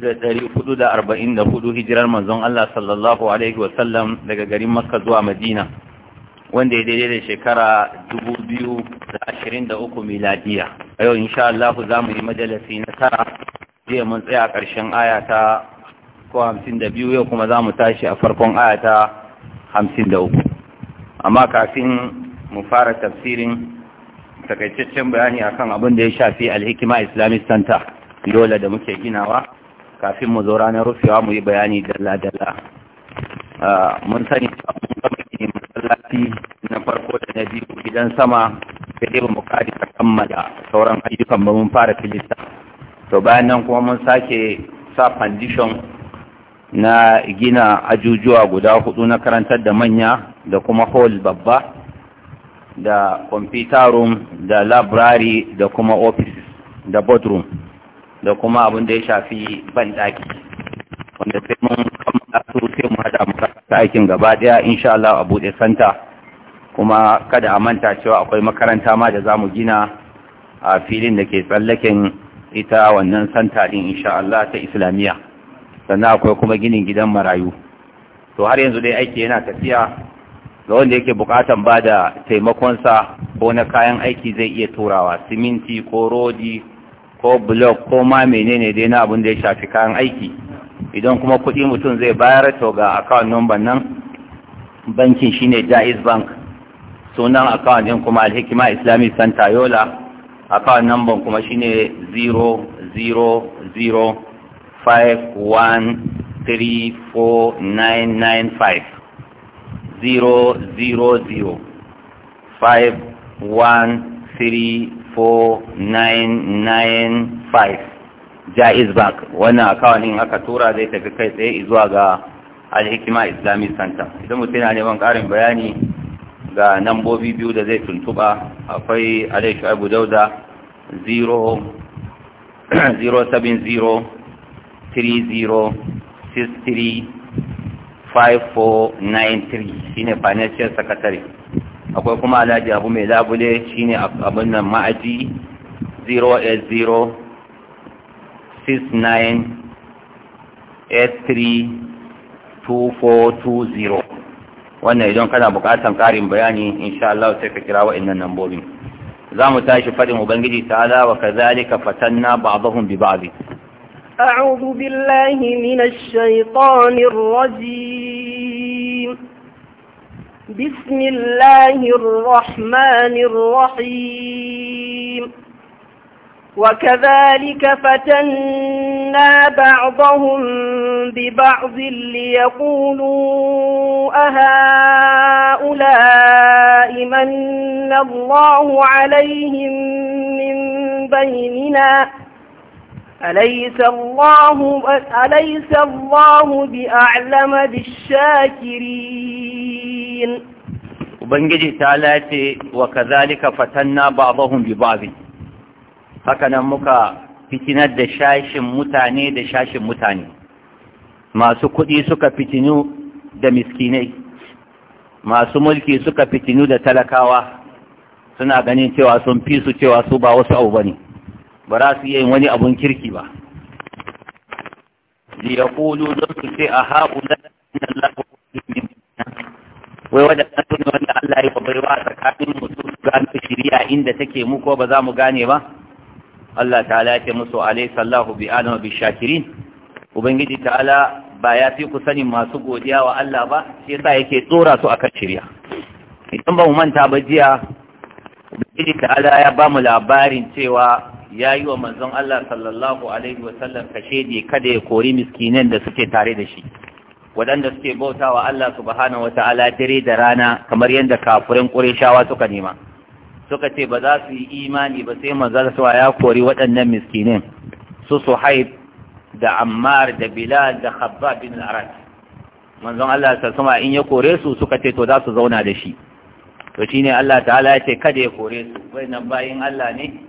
da ɗari hudu da arba'in da hudu hijirar manzon Allah sallallahu Alaihi wasallam daga garin Makka zuwa Madina wanda ya daidai da shekara dubu biyu da ashirin da uku miladiya. A yau insha Allah za mu yi majalasi na tara jiya mun tsaya a ƙarshen aya ta ko hamsin da biyu yau kuma za mu tashi a farkon aya ta hamsin da uku. Amma kafin mu fara tafsirin takaitaccen bayani akan abin da ya shafi alhikima Islamic Center Yola da muke ginawa. kafin mu zo ranar rufewa mu yi bayani dalla-dalla mun sani mun gama gini masallaci na farko da na biyu gidan sama sai dai mu kari ta kammala sauran ayyukan ba mun fara filista to bayan nan kuma mun sake sa foundation na gina ajujuwa guda hudu na karantar da manya da kuma hall babba da computer room da library da kuma office da boardroom da kuma abin da ya shafi banɗaki wanda sai mun kammala su sai mu hada mu ta aikin gaba ɗaya insha Allah a buɗe santa kuma kada a manta cewa akwai makaranta ma da zamu gina a filin da ke tsallaken ita wannan santa din, insha Allah ta islamiyya sannan akwai kuma ginin gidan marayu to har yanzu dai aiki yana tafiya ga wanda yake bukatan ba da sa, ko na kayan aiki zai iya turawa siminti ko rodi ko blog ko ma menene dai na abin da ya shafi kayan aiki idan kuma kuɗi mutum zai bayar to ga account number nan bankin shine Jaiz Bank sunan account din kuma Al-Hikma Islamic Center Yola account number kuma shine 0005134995 000 4995 jaiz bank wannan akawun in aka tura zai tafi kai tsaye zuwa ga alhikima islamic center idan mutum yana neman karin bayani ga nambobi biyu da zai tuntuba akwai alaishu abu dauda 070-30-63-5493 shine financial secretary akwai kuma alhaji abu mai labule shine abin nan ma'aji 08069832420 wannan idan kana bukatan karin bayani insha Allah sai ka kira wa'annan nambobin za mu tashi faɗin ubangiji ta'ala wa kazalika fatanna ba'dahum bi ba'd أعوذ بالله من الشيطان الرجيم بسم الله الرحمن الرحيم وكذلك فتنا بعضهم ببعض ليقولوا أهؤلاء من الله عليهم من بيننا أليس الله أليس الله بأعلم بالشاكرين وبنجي تعالى وكذلك فتنا بعضهم ببعض هكذا مكا fitinar da shashin mutane da shashin mutane masu kuɗi suka fitinu da miskinai masu mulki suka fitinu da talakawa suna ganin cewa sun fi su cewa su ba wasu abu bane ba za su yin wani abun kirki ba li Kulu don su ce a haula inna Allah min wai wanda ne wanda Allah ya bai a tsakanin mu su gano shari'a inda take muku ba za mu gane ba Allah ta'ala ya ce musu alayhi sallahu bi alama bi shakirin ubangiji ta'ala ba ya fi ku sanin masu godiya wa Allah ba shi yasa yake tsora su akan shirya. idan ba mu manta ba jiya ubangiji ta'ala ya ba mu labarin cewa ya yi wa manzon Allah sallallahu alaihi wasallam kada ya kori miskinan da suke tare da shi waɗanda suke bautawa Allah subhanahu wata'ala dare da rana kamar yadda kafurin ƙur'ishawa suka nema suka ce ba za su yi imani ba sai manzon Allah ya kori waɗannan miskinan su Suhaib da Ammar da Bilal da Khabbab bin al-Arad manzon Allah sallallahu alaihi in ya kore su suka ce to za su zauna da shi to shine Allah ta'ala ya ce kada ya kore su nan bayin Allah ne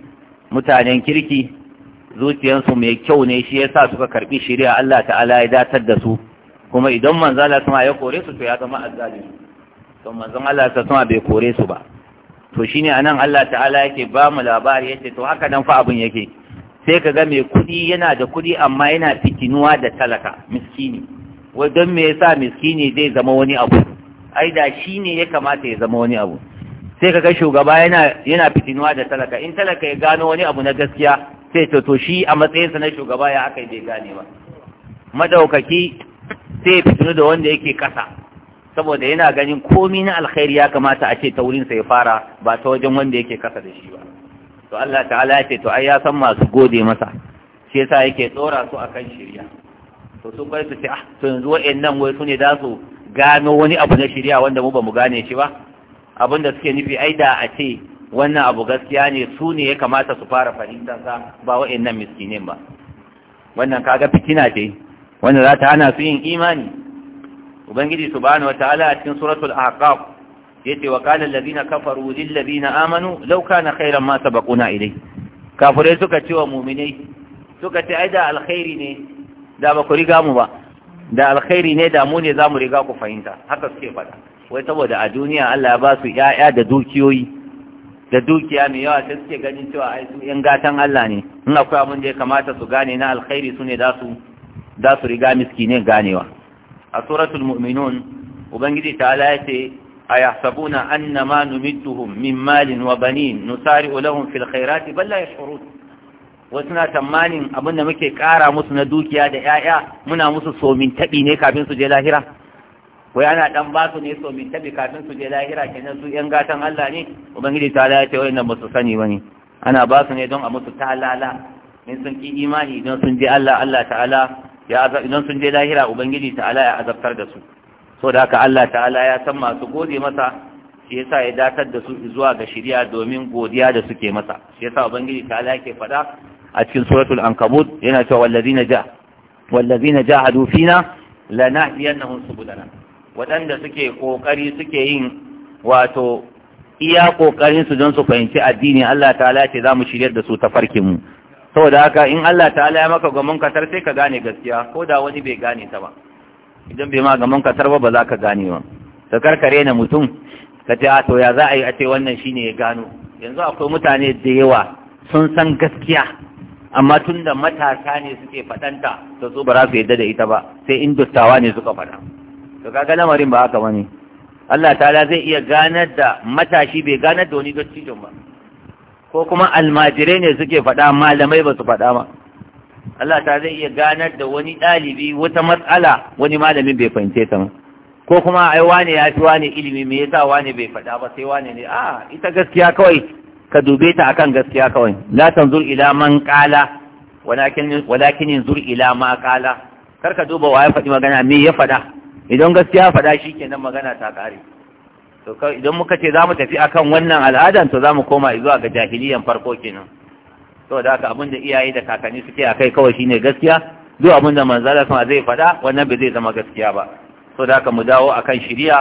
mutanen kirki zuciyarsu mai kyau ne shi ya sa suka karbi shirya Allah ta'ala ya datar da su kuma idan manzan Allah sama ya kore su to ya zama azzalimi to manzan Allah sama bai kore su ba to shine anan Allah ta'ala yake ba mu labari yace to haka dan fa abun yake sai ka ga mai kudi yana da kudi amma yana fitinuwa da talaka miskini wai don me yasa miskini zai zama wani abu ai da shine ya kamata ya zama wani abu sai ka shugaba yana yana fitinuwa da talaka in talaka ya gano wani abu na gaskiya sai to to shi a matsayinsa na shugaba ya aka bai gane ba madaukaki sai fitinu da wanda yake kasa saboda yana ganin komi na alkhairi ya kamata a ce ta wurinsa ya fara ba ta wajen wanda yake kasa da shi ba to Allah ta'ala ya ce to ai ya san masu gode masa shi yasa yake tsora su akan shirya to sun bai su ce ah to yanzu wa'annan wai su ne za su gano wani abu na shirya wanda mu ba mu gane shi ba abin da suke nufi ai da a ce wannan abu gaskiya ne su ne ya kamata su fara sa ba wa'annan miskinin ba wannan kaga fitina ce wanda za ta hana su yin imani ubangiji subhanahu wataala a cikin suratul ahqaf yace wa qala allazina kafaru lil ladina amanu law kana khayran ma sabaquna ilay Kafure suka ce wa mu'minai suka ce ai da alkhairi ne da ba ku riga mu ba da alkhairi ne da mu ne za mu riga ku fahimta haka suke faɗa wai saboda a duniya Allah ya ba su ƴaƴa da dukiyoyi da dukiya mai yawa sai suke ganin cewa ai su ƴan gatan Allah ne in akwai abin da ya kamata su gane na alkhairi su ne za su riga miskine ganewa a suratul mu'minun ubangiji ta'ala ya ce ayahsabuna numi numittuhum min malin wa bani, Nusari, lahum fil khairati bal la wasu na tamanin abin da muke kara musu na dukiya da 'ya'ya? muna musu somin taɓi ne kafin su je lahira wai ana dan ba su ne so min tabi kafin su je lahira kenan su yan gatan Allah ne ubangiji ta Allah ya ce wayannan ba su sani ne? ana ba su ne don a musu talala in sun ki imani idan sun je Allah Allah ta'ala ya azab idan sun je lahira ubangiji ta'ala ya azabtar da su so da haka Allah ta'ala ya san masu gode masa shi yasa ya datar da su zuwa ga shari'a domin godiya da suke masa shi yasa ubangiji ta'ala yake faɗa a cikin suratul ankabut yana cewa wallazina ja wallazina jahadu fina lanahdiyannahum subulana waɗanda suke ƙoƙari suke yin wato iya ƙoƙarin su don su fahimci addini Allah ta'ala ce za mu shirya da su ta farkinmu. mu saboda haka in Allah ta'ala ya maka gaman katar sai ka gane gaskiya ko da wani bai gane ta ba idan bai ma gaman katar ba ba za ka gane ba ka karkare na mutum ka ce to ya za a yi a ce wannan shine ya gano yanzu akwai mutane da yawa sun san gaskiya amma tun da matasa ne suke faɗanta da su ba su yadda da ita ba sai in dottawa ne suka faɗa to kaga lamarin ba haka bane Allah ta'ala zai iya ganar da matashi bai ganar da wani dattijon ba ko kuma almajirai ne suke faɗa malamai ba su faɗa ba Allah ta zai iya ganar da wani ɗalibi wata matsala wani malamin bai fahimce ta ba ko kuma ai wane ya fi wane ilimi me yasa wane bai faɗa ba sai wane ne a ita gaskiya kawai ka dube ta akan gaskiya kawai la tanzur ila man qala walakin walakin yanzur ila ma qala kar ka duba wa ya faɗi magana me ya faɗa idan gaskiya faɗa shi kenan magana ta ƙare to idan muka ce za mu tafi akan wannan al'adan to za mu koma zuwa ga jahiliyan farko kenan to da haka abin iyaye da kakanni suke a kai kawai shine gaskiya duk abin da manzala sama zai faɗa wannan bai zai zama gaskiya ba to da haka mu dawo akan shiriya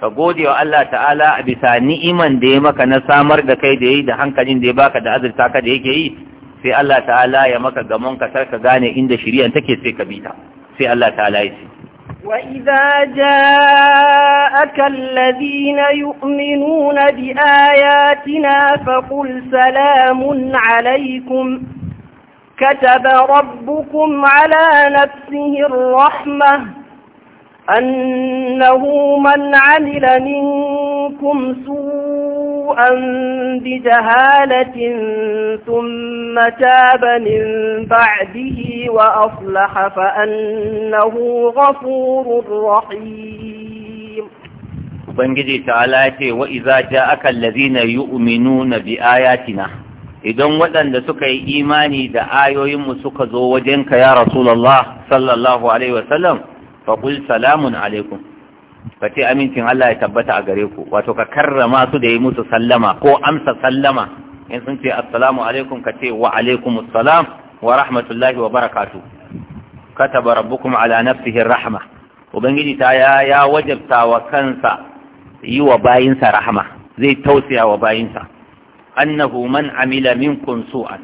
ka gode wa Allah ta'ala a bisa ni'iman da ya maka na samar da kai da yi da hankalin da ya baka da azurta ka da yake yi sai Allah ta'ala ya maka gamon ka sarka gane inda shiriyan take sai ka bi ta sai Allah ta'ala ya ci وإذا جاءك الذين يؤمنون بآياتنا فقل سلام عليكم كتب ربكم على نفسه الرحمة أنه من عمل منكم سوءا بجهالة ثم تاب من بعده وأصلح فأنه غفور رحيم Ubangiji ta'ala ya ce wa iza yi allazina yu'minuna bi ayatina idan waɗanda suka yi imani da ayoyinmu suka zo wajenka ya Rasulullah sallallahu alaihi wasallam faƙul salamun alaikum ka ce amincin Allah ya tabbata a gare ku wato ka karrama su da yi musu sallama ko amsa sallama in sun ce assalamu alaikum ka ce wa alaikum assalam wa rahmatullahi wa barakatu kataba rabbukum ala nafsihi rahma ubangiji ta ya ya wajabta wa kansa yi wa bayinsa rahma zai tausaya wa bayinsa annahu man amila minkum su'an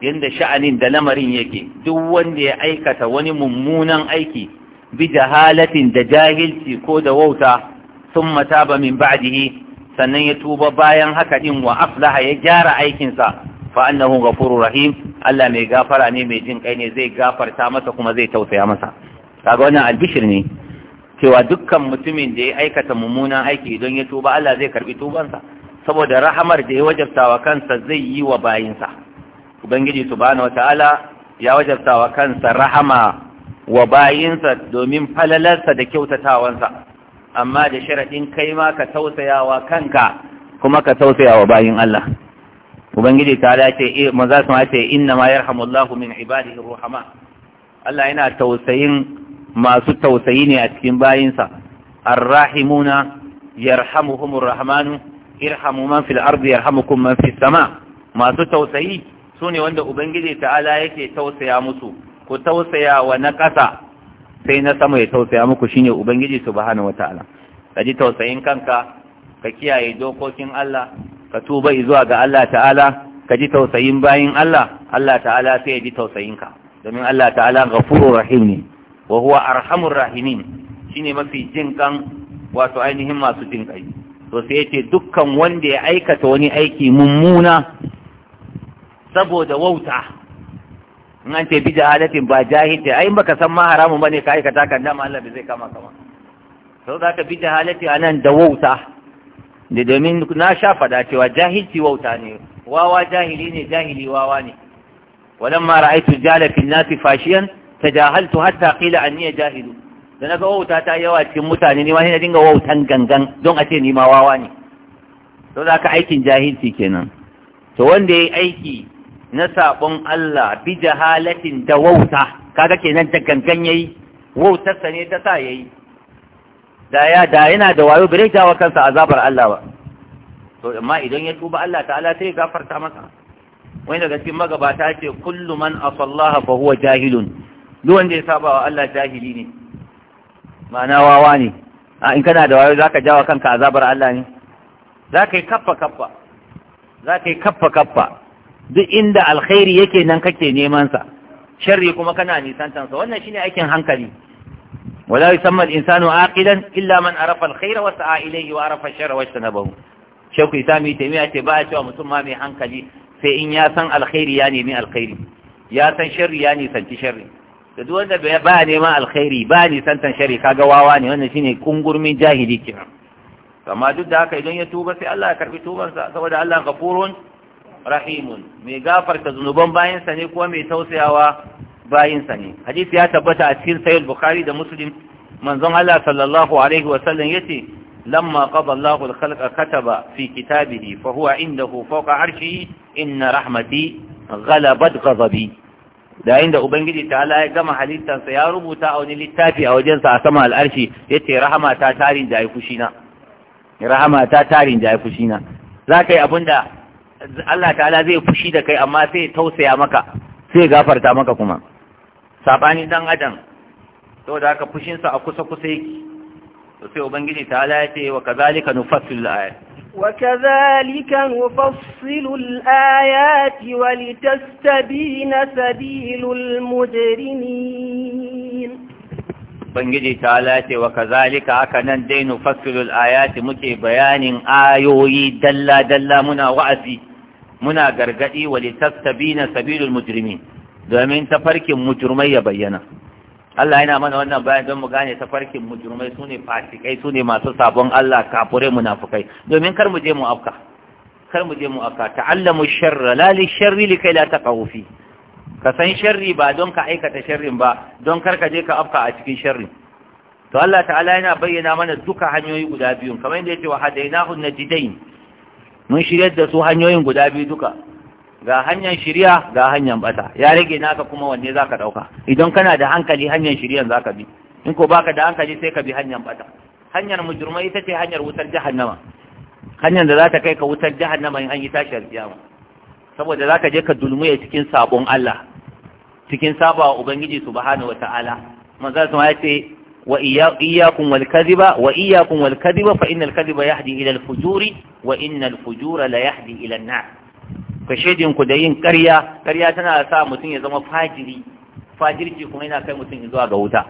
yanda sha'anin da lamarin yake duk wanda ya aikata wani mummunan aiki bi jahalatin da jahilci ko da wauta sun mataba min ba'dihi sannan ya tuba bayan haka ɗin wa aflaha ya gyara aikinsa fa annahu furu rahim Allah mai gafara ne mai jin kai ne zai gafarta masa kuma zai tausaya masa kaga wannan albishir ne cewa dukkan mutumin da ya aikata mummunan aiki don ya tuba Allah zai karɓi tubansa saboda rahamar da ya wajabta wa kansa zai yi wa bayinsa ubangiji subhanahu wataala ya wajabta wa kansa rahama wa bayinsa domin falalarsa da kyautatawansa amma da sharaɗin kai ma ka tausayawa kanka kuma ka tausayawa bayin Allah ubangiji ta ce eh, maza su ce inna ma yarhamullahu min ibadihi ruhama Allah yana tausayin masu tausayi ne a cikin bayinsa arrahimuna yarhamuhumur rahmanu irhamu man fil ardi yarhamukum man fis sama masu tausayi sune wanda ubangiji ta'ala yake tausaya musu ku tausaya wa na ƙasa sai na sama ya tausaya muku shine ubangiji subhanahu wataala ka ji tausayin kanka ka kiyaye dokokin Allah ka tuba zuwa ga Allah ta'ala ka ji tausayin bayin Allah Allah ta'ala sai ya ji ka, domin Allah ta'ala ghafurur rahim ne wa huwa arhamur rahimin shine mafi jinkan wato ainihin masu jinkai to sai yace dukkan wanda ya aikata wani aiki mummuna saboda wauta in an ce bija jahalatin ba jahil ce ai baka san ma haramun bane ka aikata kan dama Allah bai zai kama kama sau za ka bi jahalati anan da wauta da domin na sha fada cewa jahilci wauta ne wawa jahili ne jahili wawa ne walamma ra'aytu jala fil nasi fashiyan tajahaltu hatta qila anni jahilu da naga wauta ta yawa cikin mutane ni ma sai na dinga wautan gangan don a ce ni ma wawa ne to za ka aikin jahilci kenan to wanda yayi aiki na saƙon Allah bi jahalatin da wauta kaga kenan da gangan yayi wautarsa ne ta sa yayi da ya da yana da wayo bare jawo kansa azabar Allah ba to amma idan ya tuba Allah ta'ala sai gafarta masa wani daga cikin magabata ce kullu man asallaha fa huwa jahilun duk wanda ya saba wa Allah jahili ne ma'ana wawa ne a in kana da wayo zaka jawo kanka azabar Allah ne zaka yi kaffa kaffa zaka yi kaffa kaffa duk inda alkhairi yake nan kake neman sa sharri kuma kana nisantansa wannan shi ne aikin hankali wala yusamma al-insanu aqilan illa man arafa al-khaira a sa'a ilayhi wa arafa ash-sharra wa ijtanabahu shekhu isami taimiya ce ba a cewa mutum ma mai hankali sai in ya san alkhairi ya nemi alkhairi ya san sharri ya nisanci sharri da duk wanda baya neman alkhairi ba nisantan sharri kaga wawa ne wannan shine kungurmin jahili kenan amma duk da haka idan ya tuba sai Allah ya karbi tubansa saboda Allah ghafurun rahimun mai gafarta zunuban bayansa ne kuwa mai tausayawa bayansa ne hadisi ya tabbata a cikin sahih bukari da musulun manzon Allah sallallahu alaihi wa sallam yace lamma qada Allahu al-khalqa kataba fi kitabihi fa huwa indahu fawqa arshihi inna rahmati ghalabat ghadabi da inda ubangiji ta'ala ya gama halittarsa ya rubuta a wani littafi a wajensa a sama al'arshi yace rahama ta tarin da ai fushina rahama ta tarin da ai fushina zaka yi abinda Allah ta'ala zai fushi da kai amma sai tausaya maka sai gafarta maka kuma sabani dan adam aka fushin sa a kusa kusa yake to sai ubangiji ta'ala ya ce wa kazalika nufassilu al-ayat wa kazalika nufassilu al ayat wa litastabina sabilul mujrimin ubangiji ta lace wa kazalika haka nan dai nufassilu ayati muke bayanin ayoyi dalla dalla muna wa'azi muna gargadi wa litastabina sabilul mujrimi domin tafarkin mujrimai ya bayyana Allah yana mana wannan bayan don mu gane tafarkin mujrimai sune fasikai sune masu sabon Allah kafurai munafukai domin kar mu je mu afka kar mu je mu afka ta'allamu sharra la li sharri likai la taqawfi ka san sharri ba don ka aikata sharrin ba don kar ka je ka afka a cikin sharrin to Allah ta'ala yana bayyana mana duka hanyoyi guda biyu kamar yadda yake wa hadainahu najidain mun shirya da su hanyoyin guda biyu duka ga hanyar shirya ga hanyar bata ya rage naka kuma wanne zaka dauka idan kana da hankali hanyar shiryan zaka bi in ko baka da hankali sai ka bi hanyar bata hanyar mujrimai ita ce hanyar wutar jahannama hanyar da za ta kai ka wutar jahannama in an yi tashar kiyama saboda za ka je ka dulmuye cikin sabon Allah cikin saba wa Ubangiji subhanahu wata'ala manzo sun ya ce wa iyyakum wal wa iyakun wal fa innal kadhiba yahdi ila al fujuri wa innal fujura la yahdi ila ka ku da yin ƙarya ƙarya tana sa mutum ya zama fajiri fajirci kuma yana kai mutum zuwa ga wuta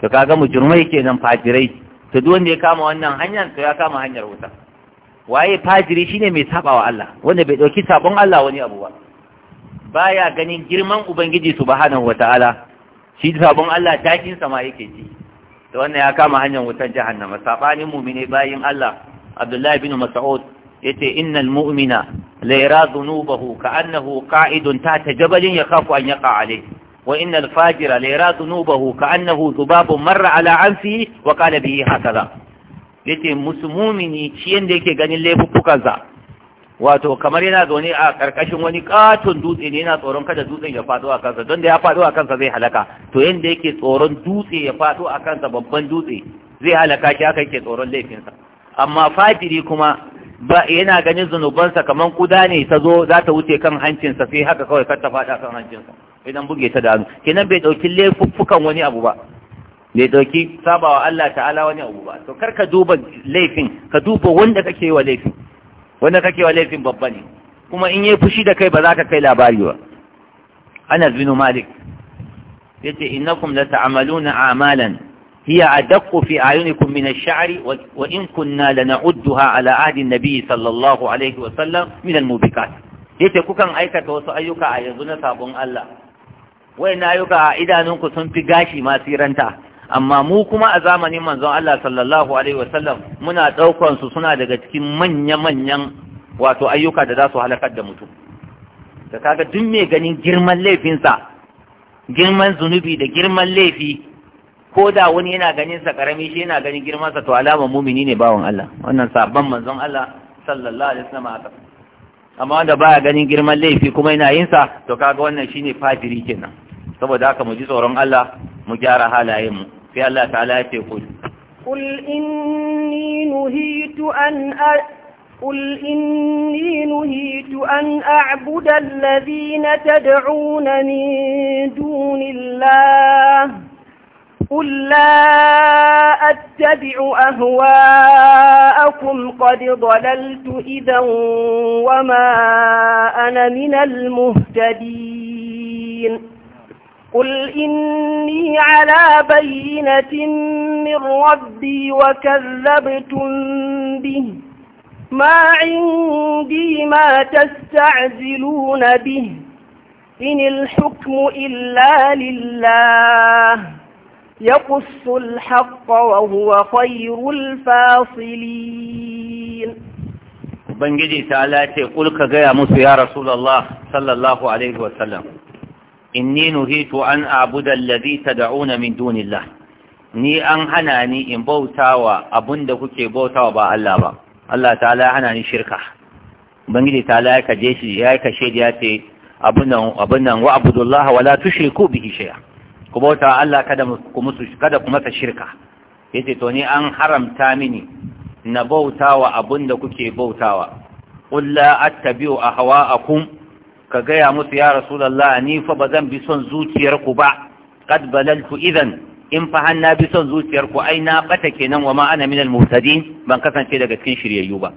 to kaga mujrimai kenan fajirai to duk wanda ya kama wannan hanyar to ya kama hanyar wuta waye fajiri shine mai sabawa Allah wanda bai dauki sabon Allah wani abu ba baya ganin girman ubangiji subhanahu wataala shi sabon Allah takin sama yake ji to wannan ya kama hanyar wutar jahannama sabanin mu'mine bayin Allah Abdullahi bin Mas'ud yace innal mu'mina la yara dhunubahu ka'annahu qa'idun ta jabalin yakhafu an yaqa alayhi fajira, الفاجر ليرى ذنوبه كأنه marra ala على عنفه وقال به هكذا yace musu mumini shi yanda yake ganin laifuffukansa wato kamar yana zaune a karkashin wani katon dutse ne yana tsoron kada dutsen ya faɗo a kansa don da ya faɗo a kansa zai halaka to yanda yake tsoron dutse ya faɗo a kansa babban dutse zai halaka shi haka yake tsoron laifinsa amma fajiri kuma ba yana ganin zunubansa kamar kuda ne ta zo za ta wuce kan hancinsa sai haka kawai kar ta faɗa kan hancinsa idan buge ta da hannu kenan bai ɗauki laifuffukan wani abu ba bai dauki sabawa Allah ta'ala wani abu ba to kar ka duba laifin ka duba wanda kake wa laifin wanda kake wa laifin babba ne kuma in yi fushi da kai ba za ka kai labari ba Anas bin malik ya ce innakum la ta'amaluna amalan hiya adaqqu fi ayunikum min ash-sha'r wa in kunna lana'udduha ala ahdi an-nabi sallallahu alaihi wa sallam min al-mubiqat yace kukan aikata wasu ayyuka a yanzu na sabon Allah wayannan ayyuka a idanunku sun fi gashi masiranta? amma mu kuma a zamanin manzon Allah sallallahu alaihi wasallam muna daukan su suna daga cikin manya-manyan wato ayyuka da za su halakar da mutum da kaga duk mai ganin girman laifinsa girman zunubi da girman laifi ko da wani yana ganin sa karami shi yana ganin girman sa to alama mumini ne bawon Allah wannan sabon manzon Allah sallallahu alaihi wasallam haka amma wanda baya ganin girman laifi kuma yana yin sa to kaga wannan shine fajiri kenan saboda haka mu ji tsoron Allah mu gyara halayen mu في الله تعالى يقول قل إني نهيت أن أ... قل إني نهيت أن أعبد الذين تدعون من دون الله قل لا أتبع أهواءكم قد ضللت إذا وما أنا من المهتدين قل إني على بينة من ربي وكذبتم به ما عندي ما تستعجلون به إن الحكم إلا لله يقص الحق وهو خير الفاصلين بنجي تعالى قل يا موسى يا رسول الله صلى الله عليه وسلم inni nuhitu an abuda allazi tad'una min dunillah ni an hana in bautawa abunda kuke bautawa ba Allah ba Allah ta'ala ya hana shirka ubangiji ta'ala ya kashe da ya ce abunan abunan wa abudullaha wala tushriku bihi shay'a ku Allah kada ku kada masa shirka yace to ni an haramta mini na bautawa abunda kuke bautawa qul la attabi'u ahwa'akum ka gaya musu ya rasulallah, ni fa ba zan bi son zuciyarku ba qad balaltu idan in fa har bi son zuciyarku ai na bata kenan wa ma ana min al-muhtadin ban kasance daga cikin shiryayyu ba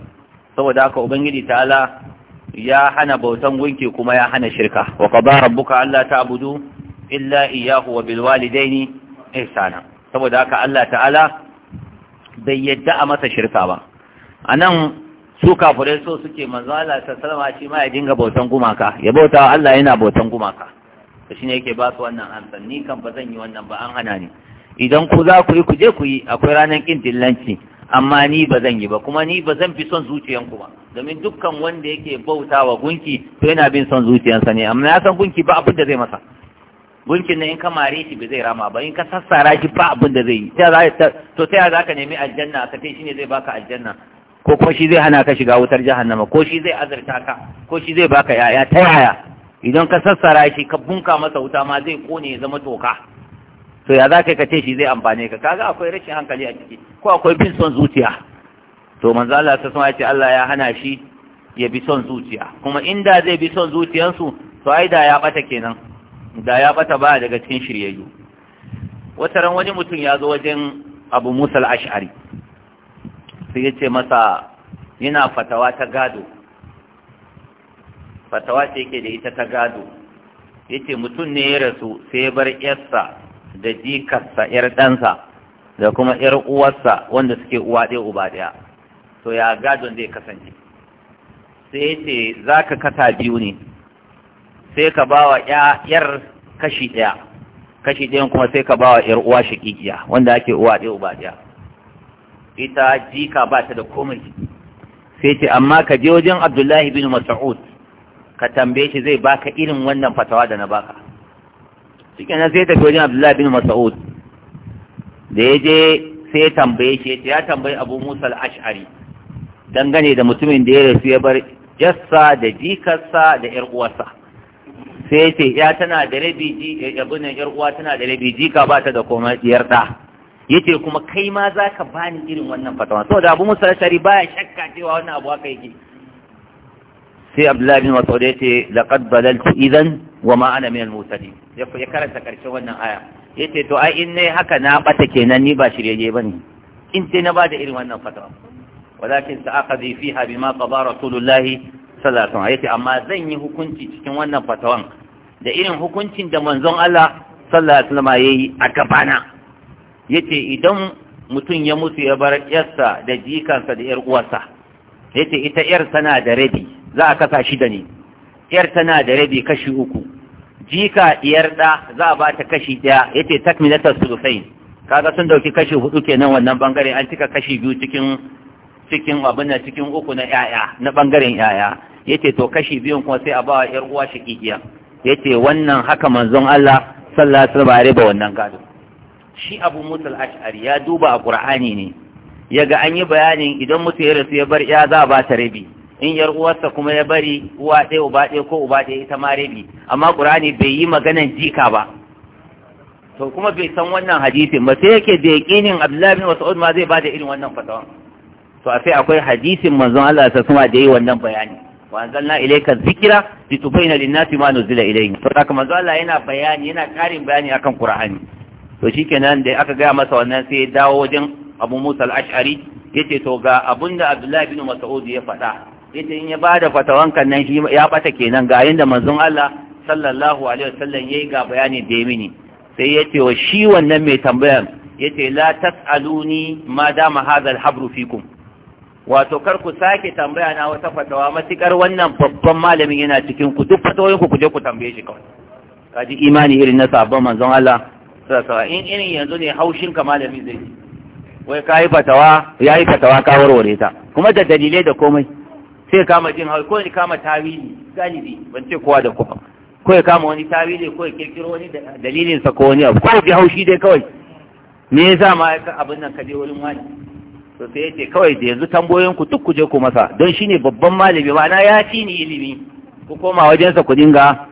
saboda haka ubangiji ta'ala ya hana bautan gunki kuma ya hana shirka wa qada rabbuka alla ta'budu illa iyyahu wa bil walidaini ihsana saboda haka Allah ta'ala bai yadda a masa shirka ba anan su kafirai so suke manzo Allah ta salama shi ma ya dinga bautan gumaka ya bauta Allah yana bautan gumaka to shine yake ba su wannan amsa ni kan ba zan yi wannan ba an hana ni idan ku za ku yi ku je ku yi akwai ranar kin dillanci amma ni ba zan yi ba kuma ni ba zan fi son zuciyanku ba domin dukkan wanda yake bauta wa gunki to yana bin son zuciyansa ne amma ya san gunki ba abin da zai masa gunkin nan in ka mare shi ba zai rama ba in ka sassara shi ba abin da zai yi to ta za ka nemi aljanna ka shi ne zai baka aljanna ko kuma shi zai hana ka shiga wutar jahannama ko shi zai azurta ka ko shi zai baka yaya ta yaya idan ka sassara shi ka bunka masa wuta ma zai kone ya zama toka to ya zaka ka shi zai amfane ka kaga akwai rashin hankali a ciki ko akwai bin son zuciya to manzo Allah ta sama ce Allah ya hana shi ya bi son zuciya kuma inda zai bi son zuciyansu to ai da ya bata kenan da ya bata ba daga cikin shiryayyu wata wani mutum ya zo wajen Abu Musa al-Ash'ari sai ya ce masa yana fatawa ta gado fatawa ce yake da ita ta gado ya ce mutum ne ya rasu sai ya bar yarsa da jikarsa yar ɗansa da kuma yar uwarsa wanda suke uwa ɗaya uba ɗaya to ya gadon zai kasance sai ya ce za ka kasa biyu ne sai ka ba wa yar kashi ɗaya kashi ɗayan kuma sai ka ba wa yar uwa shaƙiƙiya wanda ake uwa ɗaya uba ɗaya ita jika ba ta da komai sai ce amma ka je wajen abdullahi bin mas'ud ka tambaye shi zai baka irin wannan fatawa da na baka shike nan sai tafi wajen abdullahi bin mas'ud da ya je sai ya tambaye shi ya tambayi abu musa al-ash'ari dangane da mutumin da ya rasu ya bar jassa da jikarsa da yar uwarsa sai ce ya tana da rabi ji eh, abin yar uwa tana da rabi jika ba ta da komai yar da yace kuma kai ma za ka bani irin wannan fatawa saboda abu musa shari ya shakka cewa wannan abu haka yake sai abdullahi bin mas'ud ce, laqad balaltu idan wa ma ana min al-mutadin ya karanta karshen wannan aya yace to ai in ne haka na bata kenan ni ba shiryayye bane in sai na bada irin wannan fatawa walakin sa'aqadi fiha bima qada rasulullahi sallallahu alaihi wasallam yace amma zan yi hukunci cikin wannan fatawan da irin hukuncin da manzon Allah sallallahu alaihi wasallam yayi a gabana yace idan mutum ya mutu ya bar yarsa da jikansa da yar uwarsa yace ita yar tana da rabi za a kasa shida ne yar tana da rabi kashi uku jika diyar da za a ba ta kashi daya yace takmilatus sulusain kaga sun dauki kashi hudu kenan wannan bangare an cika kashi biyu cikin cikin abin cikin uku na yaya na bangaren yaya yace to kashi biyun kuma sai a ba wa yar uwa shakikiya yace wannan haka manzon Allah sallallahu alaihi sallam ba wannan gado shi abu musul ash'ari ya duba a ƙurani ne ya ga an yi bayanin idan mutu ya rasu ya bar ya za a ba ta rabi in yar uwarsa kuma ya bari uwa ɗaya uba ɗaya ko uba ɗaya ita ma rabi amma ƙur'ani bai yi maganan jika ba to kuma bai san wannan hadisin ba sai yake da yaƙinin abdullahi bin mas'ud ma zai bada irin wannan fatawa to a sai akwai hadisin manzon Allah ta suma da yi wannan bayani wa anzalna ilayka dhikra litubayyana lin-nasi ma nuzila ilayhi to haka manzon Allah yana bayani yana karin bayani akan qur'ani to kenan da aka gaya masa wannan sai ya dawo wajen abu musa al'ashari ya ce to ga abun da abdullahi bin mas'ud ya faɗa ya in ya ba da fatawan kan nan shi ya ɓata kenan ga da manzon allah sallallahu alaihi wasallam ya yi ga bayani da ya mini sai ya ce wa shi wannan mai tambayan Yace ce la tas'aluni ma dama hadha al-habru fikum wato kar ku sake tambaya na wata fatawa matukar wannan babban malamin yana cikin ku duk fatawoyin ku ku je ku tambaye shi kawai kaji imani irin na sabon manzon Allah sassawa in irin yanzu ne haushin ka malami zai yi wai ka yi fatawa ya yi fatawa ka warware ta kuma da dalilai da komai sai kama jin haushi ko ya kama tawili galibi ban ce kowa da kowa ko ya kama wani tawili ko ya kirkiro wani dalilinsa ko wani abu ko ya ji haushi dai kawai me yasa ma abin nan ka je wurin wani to sai yace kawai da yanzu tambayoyin ku duk ku je ku masa don shine babban malami ma'ana ya ci ni ilimi ku koma wajensa ku dinga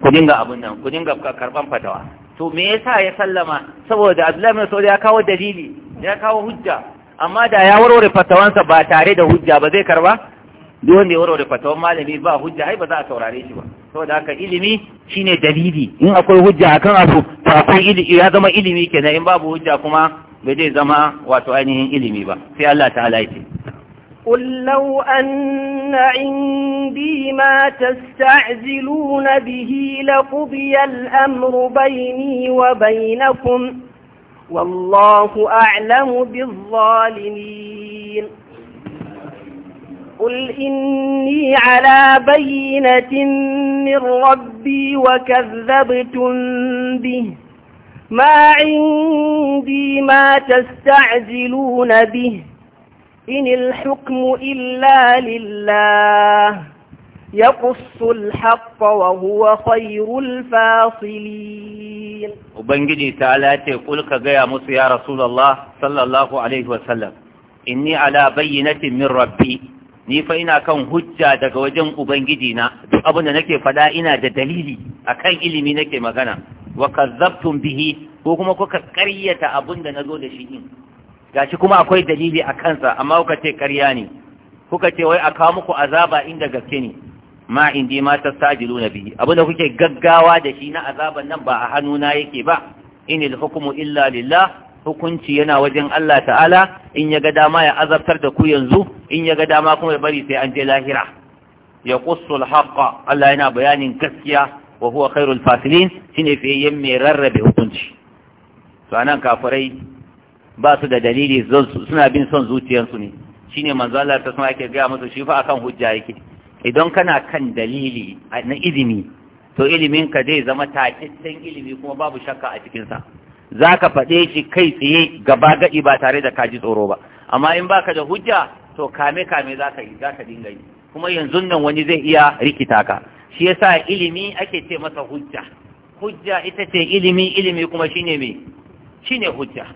ku dinga abin nan ku dinga karban fatawa to me yasa ya sallama saboda Abdullahi bin Saudi ya kawo dalili ya kawo hujja amma da ya warware fatawansa ba tare da hujja ba zai karba duk wanda ya warware fatawan malami ba hujja ai ba za a saurare shi ba saboda haka ilimi shine dalili in akwai hujja akan abu to akwai ilimi ya zama ilimi kenan in babu hujja kuma bai zai zama wato ainihin ilimi ba sai Allah ta'ala ya ce قل لو أن عندي ما تستعجلون به لقضي الأمر بيني وبينكم والله أعلم بالظالمين قل إني على بينة من ربي وكذبتم به ما عندي ما تستعجلون به إن الحكم إلا لله يقص الحق وهو خير الفاصلين وبنجي تعالى تقول كجيا موسى يا رسول الله صلى الله عليه وسلم إني على بينة من ربي ni fa ina kan hujja daga wajen ubangiji na duk abin da nake faɗa ina da dalili akan ilimi nake magana wa kazzabtum bihi ko kuma kuka karyata abin da nazo da shi din gashi kuma akwai dalili a kansa amma kuka ce ƙarya ne kuka ce wai a kawo muku azaba inda gaske ne ma indi ma tastajilu biyu. abinda kuke gaggawa da shi na azaban nan ba a hannuna yake ba inil hukmu illa lillah hukunci yana wajen Allah ta'ala in ya ga dama ya azabtar da ku yanzu in ya ga dama kuma ya bari sai an je lahira ya qussul haqqa Allah yana bayanin gaskiya wa huwa khairul fasilin shine fiyayyen mai rarrabe hukunci to anan kafirai ba su da dalili suna bin son zuciyarsu ne shine manzo Allah ta suna yake gaya masu shi fa akan hujja yake idan kana kan dalili na ilimi to ilimin ka zai zama taƙiccen ilimi kuma babu shakka a cikinsa, za ka faɗe shi kai tsaye gaba gaɗi ba tare da kaji tsoro ba amma in baka da hujja to kame kame za yi dinga yi kuma yanzu nan wani zai iya rikita ka shi yasa ilimi ake ce masa hujja hujja ita ce ilimi ilimi kuma shine me shine hujja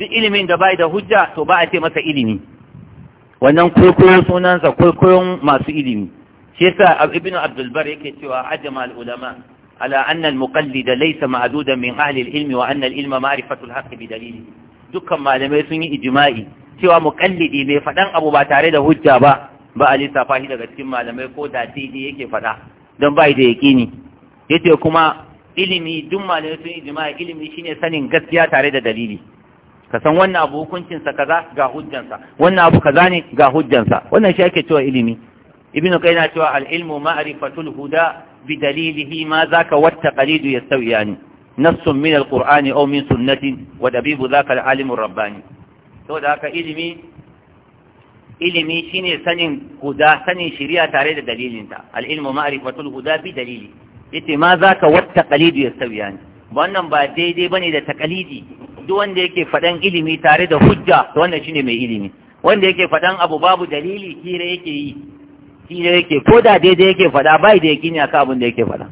duk ilimin da bai da hujja to ba a ce masa ilimi wannan kwaikwayon sunansa kwaikwayon masu ilimi shi yasa ibn abdul bar yake cewa ajma al ulama ala anna al muqallida laysa ma'dudan min ahli al ilmi wa anna al ilma ma'rifatu al haqq bi dalili dukkan malamai sun yi ijma'i cewa muqallidi mai fadan abu ba tare da hujja ba ba a lissafa shi daga cikin malamai ko da sai yake fada don bai da yaqini yace kuma ilimi duk malamai sun yi ijma'i ilimi shine sanin gaskiya tare da dalili ka san wannan abu hukuncinsa kaza ga hujjansa wannan abu kaza ne ga hujjansa wannan shi ake cewa ilimi ibn kai na cewa al-ilmu ma'rifatul huda bi dalilihi ma zaka watta qalidu yastawiyani nassun min al-qur'ani aw min sunnati wa dabibu zaka al-alim rabbani da haka ilimi ilimi shine sanin huda sanin shari'a tare da dalilinta al-ilmu ma'rifatul huda bi dalili yace ma zaka watta qalidu yastawiyani wannan ba daidai ba ne da takalidi duk wanda yake faɗan ilimi tare da hujja to wannan shine mai ilimi wanda yake faɗan abu babu dalili hira yake yi hira yake ko da daidai yake faɗa bai da yakini akan abin da yake faɗa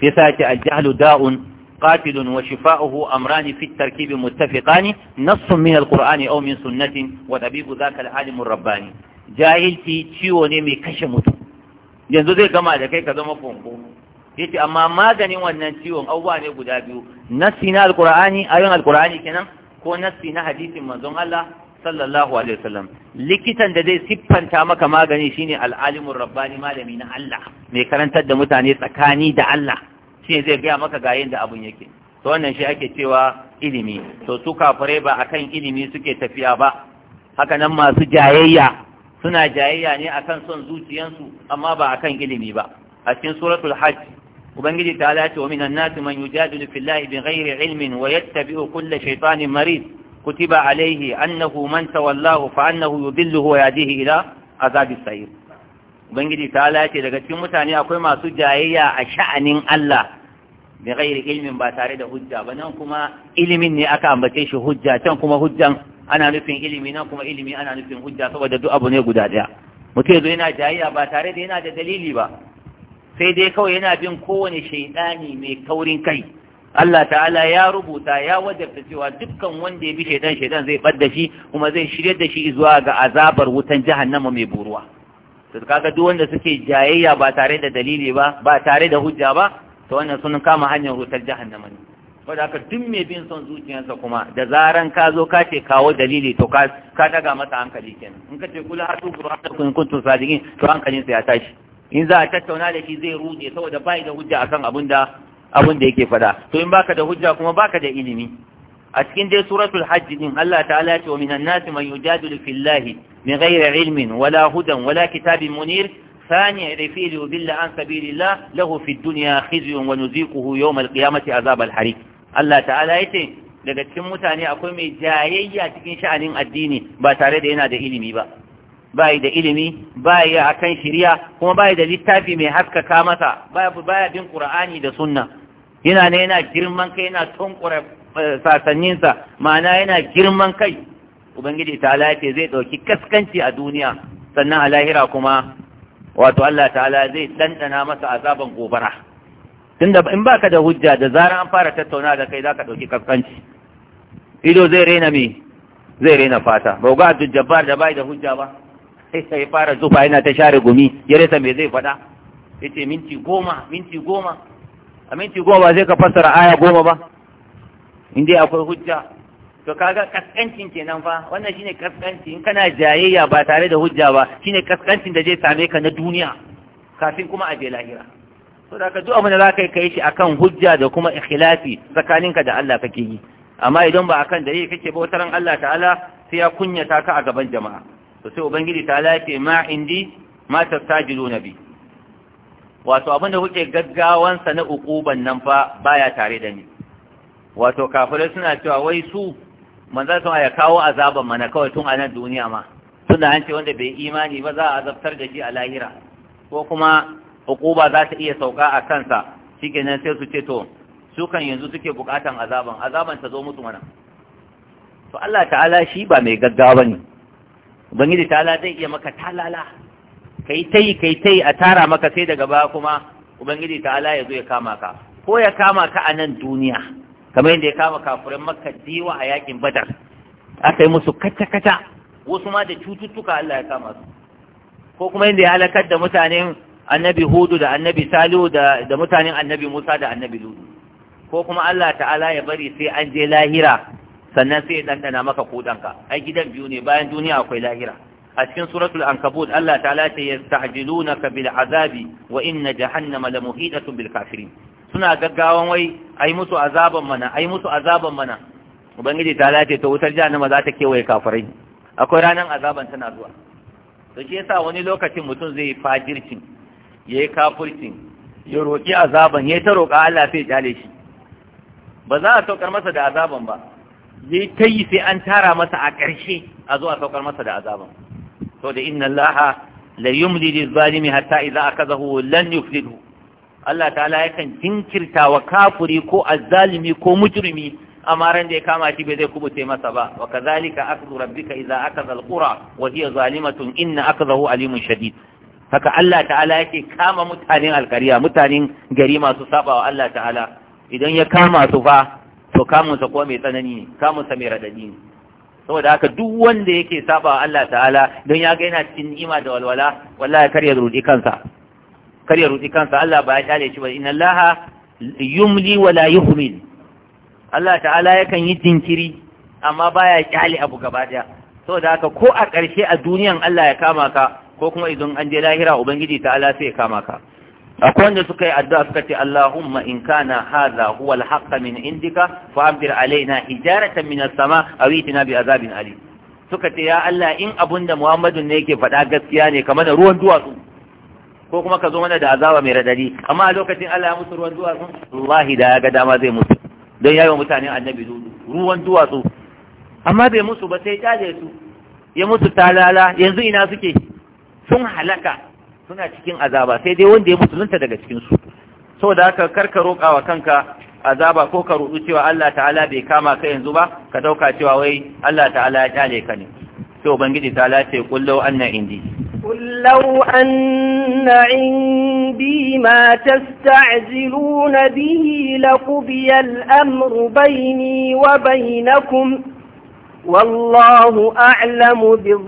sai sai ce al-jahlu da'un قاتل وشفاؤه أمران في التركيب متفقان نص من القرآن أو من سنة وطبيب ذاك العالم الرباني ne mai نمي كشمت yanzu zai gama da kai ka zama fonko yace amma maganin wannan ciwon abubuwa ne guda biyu nasi na alkur'ani ayon alkur'ani kenan ko nasi na hadisin manzon Allah sallallahu alaihi wasallam likitan da zai siffanta maka magani shine al'alimur rabbani malami na Allah mai karantar da mutane tsakani da Allah shine zai gaya maka ga yanda abun yake to wannan shi ake cewa ilimi to su kafirai ba akan ilimi suke tafiya ba haka nan masu jayayya suna jayayya ne akan son zuciyansu amma ba akan ilimi ba a cikin suratul hajj ubangiji ta lati wa minan nasu man yujadilu fillahi bi ghairi ilmin wa yattabi'u kulla shaytanin marid kutiba alaihi annahu man tawallahu fa annahu yudilluhu wa yadihi ila azabis sa'ir ubangiji ta lati daga cikin mutane akwai masu jayayya a sha'anin Allah bi ghairi ilmin ba tare da hujja ba nan kuma ilimin ne aka ambace shi hujja can kuma hujjan ana nufin ilimi nan kuma ilimi ana nufin hujja saboda duk abu ne guda daya mutum yana jayayya ba tare da yana da dalili ba sai dai kawai yana bin kowane shaidani mai kaurin kai Allah ta'ala ya rubuta ya wajarta cewa dukkan wanda ya bi shaidan shaidan zai bar da shi kuma zai shiryar da shi zuwa ga azabar wutan jahannama mai buruwa to kaga duk wanda suke jayayya ba tare da dalili ba ba tare da hujja ba to wannan sun kama hanyar wutar jahannama ne wanda aka duk mai bin son zuciyarsa kuma da zaran ka zo ka ce kawo dalili to ka ka masa hankali kenan in ka ce kula hadu burhanakum kun kuntum sadiqin to hankalinsa ya tashi in za a tattauna da shi zai rude saboda bai da hujja akan kan abin da yake faɗa to in baka da hujja kuma baka da ilimi a cikin dai suratul hajj din Allah ta'ala ya ce wa minan nasi man yujadilu fillahi min ghairi ilmin wala hudan wala kitabin munir ثاني رفيل يضل عن سبيل الله له في الدنيا خزي ونذيقه يوم القيامة عذاب الحريق الله تعالى يتي daga cikin mutane akwai mai jayayya cikin sha'anin addini ba tare da yana da ilimi ba bai da ilimi bai ya kan shiriya kuma bai da littafi mai haskaka masa baya bin qur'ani da sunna yana ne yana girman kai yana tunkura eh, sasanninsa ma'ana yana girman kai ubangiji ta'ala ce zai dauki kaskanci a duniya sannan a lahira kuma wato Allah ta'ala zai dandana masa azaban gobara tunda in baka da hujja da zarar an fara tattauna da kai zaka dauki kaskanci ido zai rena me zai rena fata ba ga Abdul Jabbar da bai da hujja ba sai sai fara zufa yana ta share gumi ya rasa me zai fada ya ce minti goma minti goma a minti goma ba zai ka fassara aya goma ba in dai akwai hujja to kaga kaskancin kenan fa wannan shine kaskanci in kana jayayya ba tare da hujja ba shine kaskancin da zai same ka na duniya kafin kuma a je lahira to da ka duk abin da za ka yi kai shi akan hujja da kuma ikhlasi tsakaninka da Allah kake yi amma idan ba akan dalili kake ba wataran Allah ta'ala sai ya kunyata ka a gaban jama'a to sai ubangiji ta lace ma indi ma tastajiluna bi wato abinda kuke gaggawan sa na ukuban nan fa baya tare da ni wato kafirai suna cewa wai su manzo sun ya kawo azaban mana kawai tun a nan duniya ma tunda an ce wanda bai imani ba za a azabtar da shi a lahira ko kuma ukuba za ta iya sauka a kansa shikenan sai su ce to su kan yanzu suke bukatan azaban azaban ta zo musu mana to Allah ta'ala shi ba mai gaggawa ne ubangiji tala zai iya maka talala kai tai kai tai a tara maka sai daga ba kuma ubangiji ta'ala ya zo ya kama ka ko ya kama ka a nan duniya kamar yadda ya kama kafuran maka diwa a yakin badar aka yi musu kata-kata wasu ma da cututtuka Allah ya kama su ko kuma yadda ya halakar da mutanen annabi hudu da annabi salihu da mutanen annabi musa da annabi ludu ko kuma Allah ta'ala ya bari sai an je lahira sannan sai ya dandana maka kudanka ai gidan biyu ne bayan duniya akwai lahira a cikin suratul ankabut Allah ta'ala ce yasta'jilunaka bil azabi wa inna jahannama la muhidatun bil kafirin suna gaggawan wai ai musu azaban mana ai musu azaban mana ubangiji ta'ala ce to wutar jahannama za ta kewaye kafirai akwai ranar azaban tana zuwa to shi yasa wani lokacin mutum zai fajircin yayi kafircin ya roƙi azaban ya ta roƙa Allah sai ya kyale shi ba za a saukar masa da azaban ba zai ta yi sai an tara masa a ƙarshe a zo a saukar masa da azaban to da inna allaha la yumli lil zalimi hatta idza akazahu lan Allah ta'ala yakan jinkirta wa kafuri ko azzalimi ko mujrimi amma ran da ya kama shi bai zai kubuce masa ba wa kazalika akhdhu rabbika idza akaza alqura wa hiya zalimatun inna akhdhahu alimun shadid haka Allah ta'ala yake kama mutanen alkariya mutanen gari masu sabawa Allah ta'ala idan ya kama su fa to kamunsa kuwa mai tsanani ne kamunsa mai raɗaɗi ne saboda haka duk wanda yake saba Allah ta'ala don ya ga yana cikin ni'ima da walwala wallahi kar ya rudi kansa kar ya kansa Allah ba ya kyale shi ba inna Allah yumli wa yuhmil Allah ta'ala yakan yi jinkiri amma baya kyale abu gaba daya saboda haka ko a ƙarshe a duniyan Allah ya kama ka ko kuma idan an je lahira ubangiji ta'ala sai ya kama ka akwai wanda suka yi addu'a suka ce Allahumma in kana haza, huwa al min indika fa amdir alaina hijarata min as-sama aw itina bi azabin ali suka ce ya Allah in abunda Muhammadu ne yake faɗa gaskiya ne kamar da ruwan duwatsu ko kuma ka zo mana da azaba mai radadi amma a lokacin Allah ya musu ruwan duwatsu wallahi da ya ga dama zai musu don yayi wa mutane annabi ruwan duwatsu amma bai musu ba sai ya su ya musu talala yanzu ina suke sun halaka suna cikin azaba sai dai wanda ya musulunta daga cikinsu. Sau da haka karka roƙa wa kanka azaba ko ka rudu cewa Allah ta'ala bai kama ka yanzu ba ka dauka cewa wai Allah ta'ala ya kyale ka ne sai ubangiji ta lace kullau annan indi kullau anna indi ma tasta'jiluna bihi laqubiya al-amru wa bainakum wallahu a'lamu bil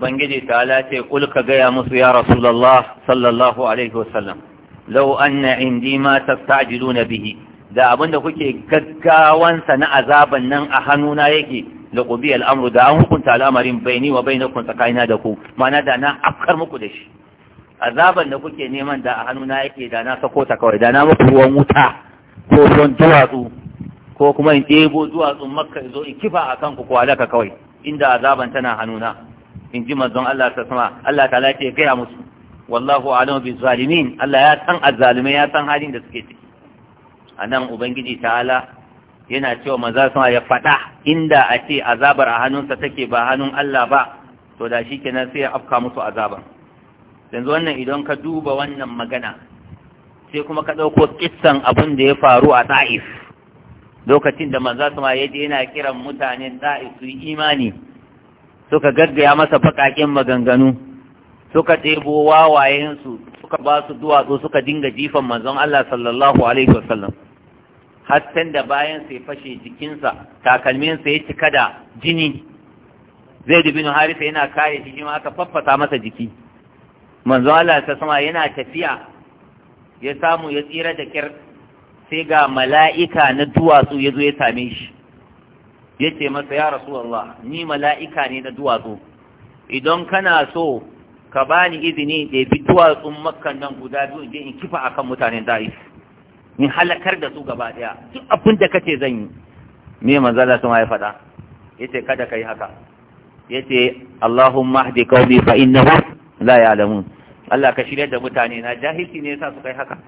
ubangiji ta'ala ce kul gaya musu ya rasulullah sallallahu alaihi wasallam law anna indi ma tastajiluna bihi da abinda kuke gaggawansa na azaban nan a hannuna yake da ƙubi al'amru da an hukunta al'amarin ni wa bai na kun tsakanina da ku mana da na afkar muku da shi azaban da kuke neman da a hannuna yake da na sako ta kawai da na muku ruwan wuta ko ruwan duwatsu ko kuma in ɗebo duwatsun makka zo in kifa a kanku ko alaka kawai inda azaban tana hannuna in ji manzon Allah ta sama Allah ta ya gaya musu wallahu alam bi zalimin Allah ya san azzalume ya san halin da suke ciki anan ubangiji ta'ala yana cewa maza sama ya fada inda a ce azabar a hannunsa take ba hannun Allah ba to da shi kenan sai ya afka musu azaban yanzu wannan idan ka duba wannan magana sai kuma ka ɗauko kissan abin da ya faru a Ta'if lokacin da manzon sama ya je yana kiran mutanen Ta'if su yi imani suka gaggaya masa baƙaƙen maganganu suka ɗebo wawayensu suka ba su duwatsu suka dinga jifan manzon Allah sallallahu alaihi wasallam san da bayan sai fashe jikinsa takalminsa ya cika da jini zai dubi harisa yana kare shi shi ma aka faffasa masa jiki manzon Allah ta sama yana tafiya ya samu ya tsira da kyar sai ga mala'ika na duwatsu ya zo ya same shi yace masa ya rasu Allah ni mala'ika ne na duwatsu idan kana so ka bani izini da bi duwatsun makkan nan guda biyu je in kifa akan mutanen da'if in halakar da su gaba daya duk abin da kace zan yi me manzo Allah sun ya faɗa yace kada yi haka yace Allahumma hdi qaumi fa innahum la ya'lamun Allah ka shirya da mutane na jahilci ne sa su kai haka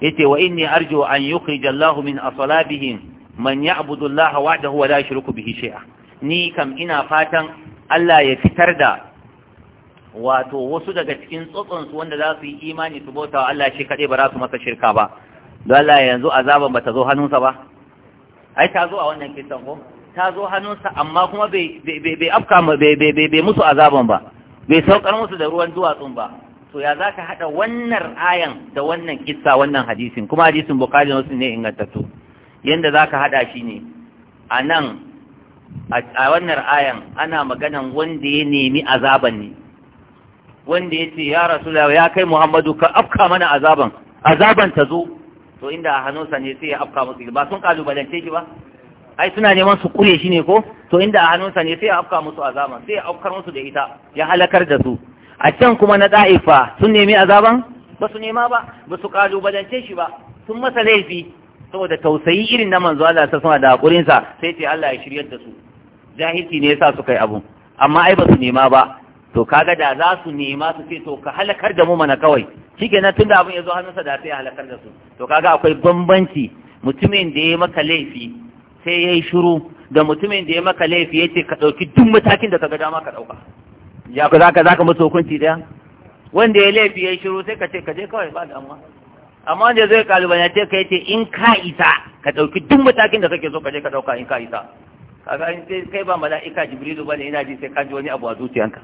yace wa inni arju an yukhrij Allahu min asalabihim man ya'budu Allah da huwa la yushriku bihi shay'a ni kam ina fatan Allah ya fitar da wato wasu daga cikin tsotson su wanda za su yi imani su bauta Allah shi kade ba za su masa shirka ba don Allah yanzu azaban ba ta zo hannunsa ba ai ta zo a wannan kisan ko ta zo hannunsa amma kuma bai afka bai musu azaban ba bai saukar musu da ruwan duwatsun ba to ya za ka haɗa wannan ayan da wannan kissa wannan hadisin kuma hadisin bukari wasu ne ingantattu yanda za ka haɗa shi ne a nan a wannan ayan ana maganan wanda ya nemi azaban ne wanda ya ce ya rasu ya kai muhammadu ka afka mana azaban azaban ta zo to inda a hannunsa ne sai ya afka musu ba sun kalubalance shi ba ai suna neman su kure shi ne ko to inda a hannunsa ne sai ya afka musu azaban sai ya afkar musu da ita ya halakar da su a can kuma na da'ifa sun nemi azaban ba su nema ba ba su kalubalance shi ba sun masa laifi saboda tausayi irin na manzo Allah ta suna da hakurin sa sai ce Allah ya shiryar da su jahilci ne yasa suka yi abun amma ai ba su nema ba to kaga da za su nema su ce to ka halakar da mu mana kawai shikenan tunda abun ya zo hannunsa da sai ya halakar da su to kaga akwai bambanci mutumin da ya maka laifi sai ya yi shiru da mutumin da ya maka laifi yace ce ka ɗauki duk matakin da ka ga dama ka ɗauka ya za ka zaka zaka mutu hukunci daya? wanda ya laifi ya shiru sai ka ce ka je kawai ba damuwa amma wanda zai ce ka yace in ka isa ka ɗauki duk matakin da kake so ka je ka dauka in ka isa kaga in sai kai ba mala'ika jibrilu bane ina ji sai ka ji wani abu a zuciyanka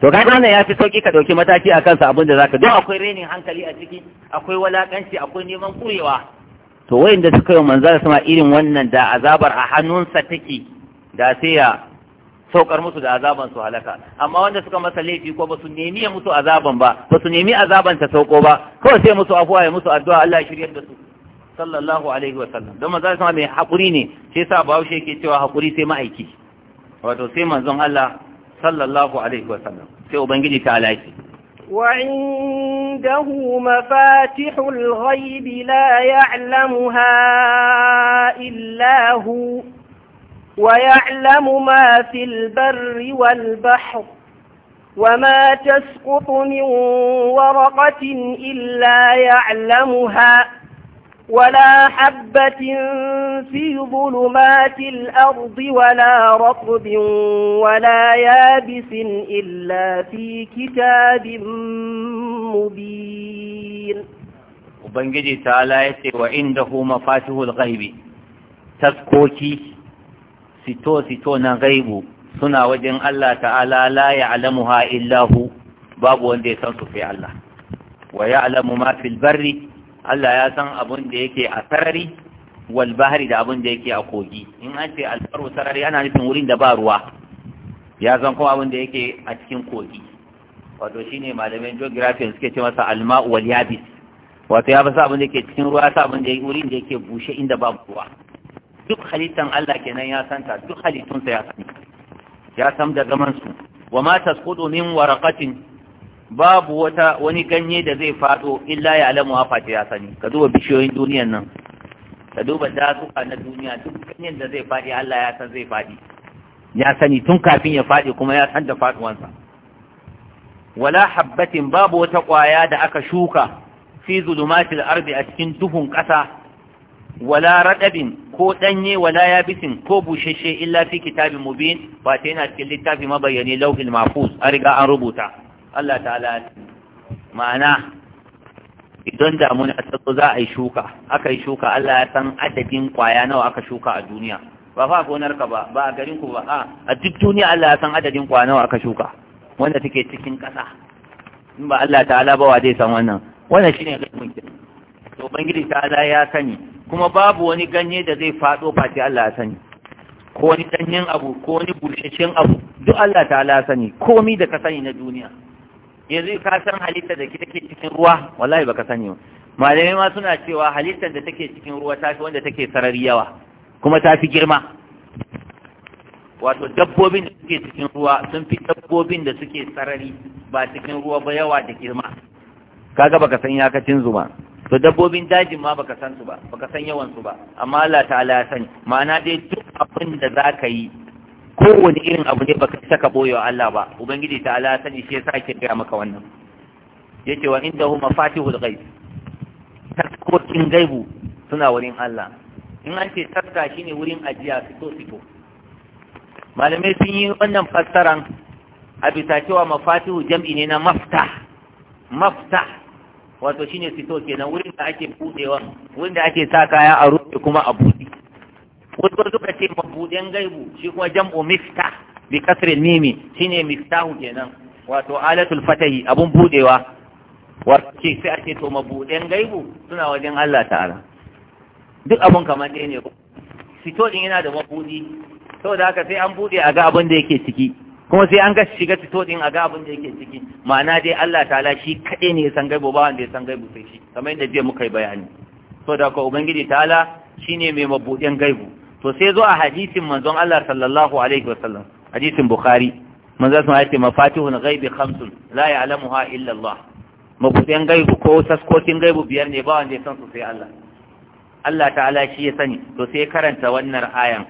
to ga wannan ya fi sauki ka ɗauki mataki a kansa abin da zaka don akwai renin hankali a ciki akwai walakanci akwai neman kurewa to wayanda suka yi manzara sama irin wannan da azabar a hannunsa take da sai ya saukar musu da azaban su halaka amma wanda suka masa laifi ko ba su nemi ya musu azaban ba ba su nemi azaban ta sauko ba kawai sai musu afuwa ya musu addu'a Allah ya shiryar da su sallallahu alaihi wa sallam don manzo sama mai hakuri ne sai sa Bahaushe yake cewa hakuri sai ma'aiki wato sai manzon Allah sallallahu alaihi wa sallam sai ubangiji ta alaiki وعنده مفاتح الغيب لا يعلمها إلا هو ويعلم ما في البر والبحر وما تسقط من ورقة إلا يعلمها ولا حبة في ظلمات الأرض ولا رطب ولا يابس إلا في كتاب مبين وبنجي تعالى وعنده مفاته الغيب تذكوكي sito-sito na gaibu suna wajen Allah ta'ala la ya'lamuha illa babu wanda ya san su Allah wa ya'lamu ma fil barri Allah ya san abun da yake a sarari wal bahri da abun da yake a kogi in an ce albaru sarari ana nufin wurin da ba ruwa ya san kuma abun da yake a cikin kogi wato shine malamin geography suke ce masa alma'u wal yabis wato ya fi sa abun da yake cikin ruwa sa abun da yake wurin da yake bushe inda babu ruwa duk halittan Allah kenan ya santa duk halittunsa ya santa ya san da zaman su wa ma tasqutu min waraqatin babu wata wani ganye da zai fado illa ya alamu ha fata ya sani ka duba bishiyoyin duniyan nan ka duba dasuka na duniya duk ganyen da zai fadi Allah ya san zai fadi ya sani tun kafin ya fadi kuma ya san da faduwansa wala habbatin babu wata kwaya da aka shuka fi zulumatil ardi a cikin duhun kasa wala radabin ko danye wala yabisin ko bushashe illa fi kitabin mubin ba ta yana cikin littafi mabayyane lauhin mahfuz a riga an rubuta Allah ta'ala ma'ana idan damuna ta zo za a yi shuka aka yi shuka Allah ya san adadin kwaya nawa aka shuka a duniya ba fa gonar ka ba ba a garin ku ba a a duk duniya Allah ya san adadin kwaya nawa aka shuka wanda take cikin ƙasa in ba Allah ta'ala ba wa zai san wannan wannan shine gaibun to ta ta'ala ya sani kuma babu wani ganye da zai faɗo face Allah ya sani ko wani danyen abu ko wani bushashen abu duk Allah ta'ala sani komi da ka sani na duniya yanzu ka san halittar da take cikin ruwa wallahi baka sani ba malamai ma suna cewa halittar da take cikin ruwa ta fi wanda take sarari yawa kuma ta fi girma wato dabbobin da suke cikin ruwa sun fi dabbobin da suke sarari ba cikin ruwa ba yawa da girma kaga baka san cin zuma to dabbobin dajin ma baka san su ba baka san yawan su ba amma Allah ta'ala ya sani ma'ana dai duk abin da zaka yi kowane irin abu ne baka saka boye wa Allah ba ubangiji ta'ala ya sani shi yasa ke gaya maka wannan yace wa huma fatihul ghaib taskokin gaibu suna wurin Allah in an ce shi shine wurin ajiya fito fito malamai sun yi wannan fassaran a bisa cewa mafatihu jam'i ne na maftah maftah wato shine fito kenan wurin da ake budewa wurin da ake sa kaya a rufe kuma a bude wato suka ce mabuden gaibu shi kuma jam'u mifta bi kasrin mimi shine miftahu kenan wato alatul fatahi abun budewa wato ce sai ake to mabuden gaibu suna wajen Allah ta'ala duk abun kamar dai ne sito din yana da mabudi saboda haka sai an bude a ga abin da yake ciki kuma sai an ga shiga fito din a ga abin da yake ciki ma'ana dai Allah ta'ala shi kaɗai ne ya san gaibu ba wanda ya san gaibu sai shi kamar yadda jiya muka yi bayani so da ko ubangiji ta'ala shine mai mabuɗin gaibu. to sai zo a hadisin manzon Allah sallallahu alaihi wa sallam, hadisin bukhari manzon sun ce mafatihul ghaibi khamsun la ya'lamuha illa Allah mabuɗin gaibu ko saskotin gaibu biyar ne ba wanda ya san su sai Allah Allah ta'ala shi ya sani to sai karanta wannan ayan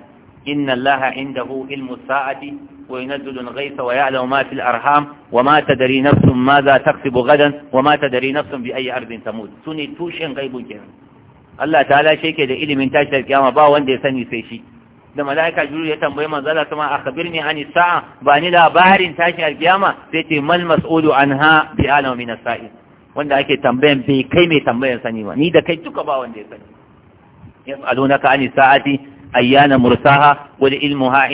inna Allah indahu ilmu sa'ati وينزل الغيث ويعلم ما في الأرحام وما تدري نفس ماذا تكسب غدا وما تدري نفس بأي أرض تموت سني توشن غيب كنا الله تعالى شيء كده إلي من تاشر القيامة با وندي سني سيشي da mala'ika jiru ya tambayi manzala kuma a khabirni an ba ni labarin tashin alkiyama sai ce mal anha bi alama sa'i wanda ake tambayan bai kai mai tambayan sani ba ni da kai duka ba wanda ya sani yas'alunaka an sa'ati ayyana mursaha wal ilmuha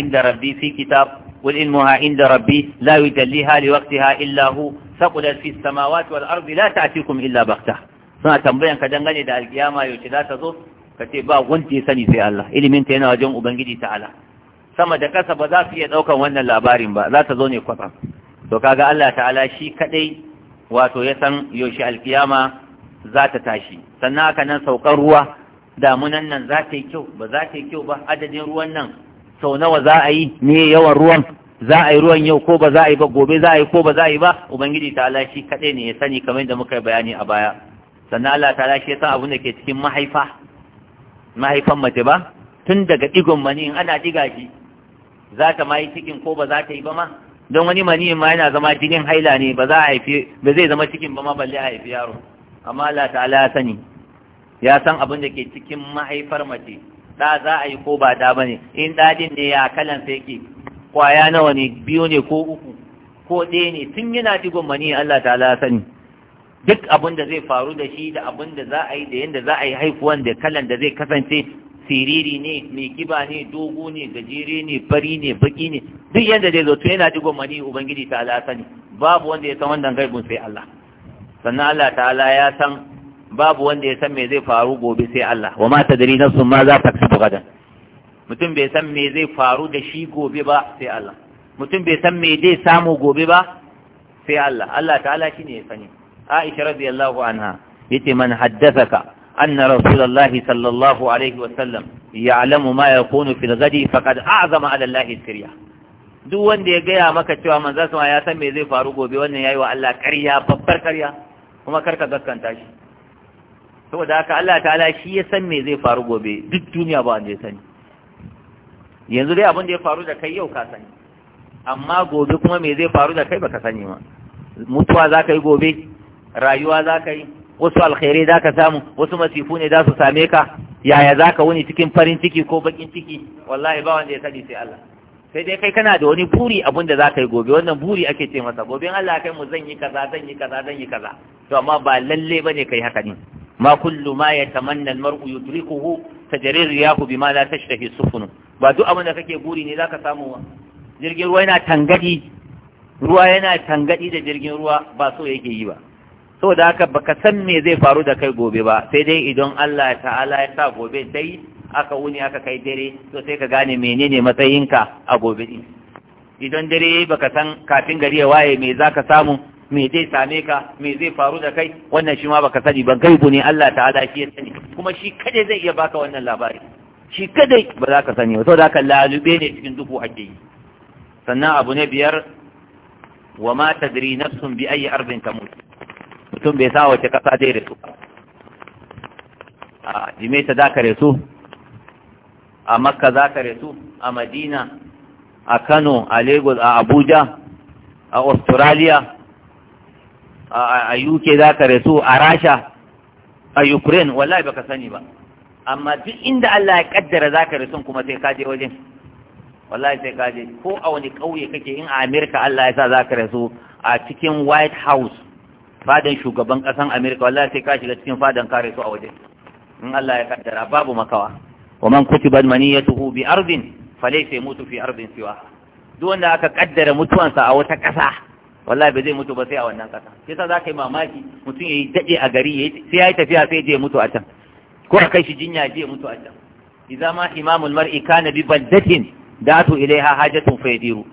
fi kitab والعلمها عند ربي لا يجليها لوقتها إلا هو ثقلت في السماوات والأرض لا تأتيكم illa بغتة suna tambayar ka dangane da alkiyama yaushe za ta zo ka ce ba wanda ya sani sai Allah ilimin ta yana wajen ubangiji ta'ala sama da kasa ba za su iya daukan wannan labarin ba za ta zo ne kwatsam to kaga Allah ta'ala shi kaɗai wato ya san yaushe alkiyama za ta tashi sannan haka nan saukar ruwa damunan nan za ta yi kyau ba za ta yi kyau ba adadin ruwan nan sau nawa za a yi me yawan ruwan za a yi ruwan yau ko ba za a yi ba gobe za a yi ko ba za a yi ba ubangiji ta Allah shi kaɗai ne ya sani kamar da muka yi bayani a baya sannan Allah ta Allah shi ya san abin da ke cikin mahaifa mahaifan mace ba tun daga digon mani in ana diga shi za ta ma yi cikin ko ba za ta yi ba ma don wani mani ma yana zama jinin haila ne ba za a haifi ba zai zama cikin ba ma balle a haifi yaro amma Allah ta'ala ya sani ya san abin da ke cikin mahaifar mace da za a yi ko ba da bane in dadin ne ya kalan sai ke kwaya nawa ne biyu ne ko uku ko ɗaya ne tun yana digon mani Allah ta'ala sani duk abin da zai faru da shi da abin da za a yi da yadda za a yi haifuwan da kalan da zai kasance siriri ne mai kiba ne dogo ne gajere ne fari ne baki ne duk yadda zai zo to yana digon mani ubangiji ta'ala sani babu wanda ya san wannan gaibun sai Allah sannan Allah ta'ala ya san babu wanda ya san me zai faru gobe sai Allah wa ma tadri nafsun ma za ta kasu gadan mutum bai san me zai faru da shi gobe ba sai Allah mutum bai san me zai samu gobe ba sai Allah Allah ta'ala shi ne ya sani Aisha radiyallahu anha yace man haddathaka anna rasulullahi sallallahu alaihi wa sallam ya'lamu ma yakunu fil ghadi faqad a'zama ala Allah sirya. duk wanda ya gaya maka cewa manzo sama ya san me zai faru gobe wannan yayi wa Allah ƙarya babbar ƙarya kuma karka gaskanta shi saboda haka Allah ta'ala shi ya san me zai faru gobe duk duniya ba wanda ya sani yanzu dai abin da ya faru da kai yau ka sani amma gobe kuma me zai faru da kai baka sani ma mutuwa za ka yi gobe rayuwa za ka yi wasu alkhairai za ka samu wasu masifu ne za su same ka yaya za ka wuni cikin farin ciki ko bakin ciki wallahi ba wanda ya sani sai Allah sai dai kai kana da wani buri abin da za ka yi gobe wannan buri ake ce masa gobe Allah kai mu zan yi kaza zan yi kaza zan yi kaza to amma ba lalle bane kai haka ne ma kullu ma yatamanna al-mar'u yudrikuhu tajri riyahu bima la tashtahi sufun ba duk abin da kake buri ne zaka samu ba ruwa yana tangadi yana tangadi da jirgin ruwa ba so yake yi ba saboda haka baka san me zai faru da kai gobe ba sai dai idan Allah ta'ala ya sa gobe sai aka wuni aka kai dare to ka gane menene matsayinka a gobe din idan dare yayi baka san kafin gari ya waye me zaka samu me zai same ka me zai faru da kai wannan shi ma baka sani ba gaibu ne Allah ta'ala shi ya sani kuma shi kadai zai iya baka wannan labari shi kadai ba za ka sani ba saboda haka lalube ne cikin duhu ake yi sannan abu ne biyar wa ma tadri nafsun bi ayi ardin tamut mutum bai sa wace kasa zai rasu a jimeta za ka rasu a makka za ka rasu a madina a kano a lagos a abuja a australia a uk za ka rasu a rasha a ukraine wallahi baka sani ba amma duk inda allah ya kaddara za ka rasu kuma sai ka je wajen wallahi sai ka je ko a wani ƙauye kake in a amerika allah ya sa za ka rasu a cikin white house fadan shugaban ƙasan amerika wallahi sai ka shiga cikin fadan ka rasu a wajen in allah ya kaddara babu makawa wa man kutiba maniyatuhu bi ardin falaysa yamutu fi ardin siwa duk wanda aka kaddara mutuwansa a wata ƙasa wallahi ba zai mutu ba sai a wannan kasa sai sa zaka yi mamaki mutum yayi dade a gari yayi sai yayi tafiya sai je mutu a can ko a kai shi jinya je mutu a can idan ma imamul mar'i kana bi baldatin datu ilaiha hajatun faydiru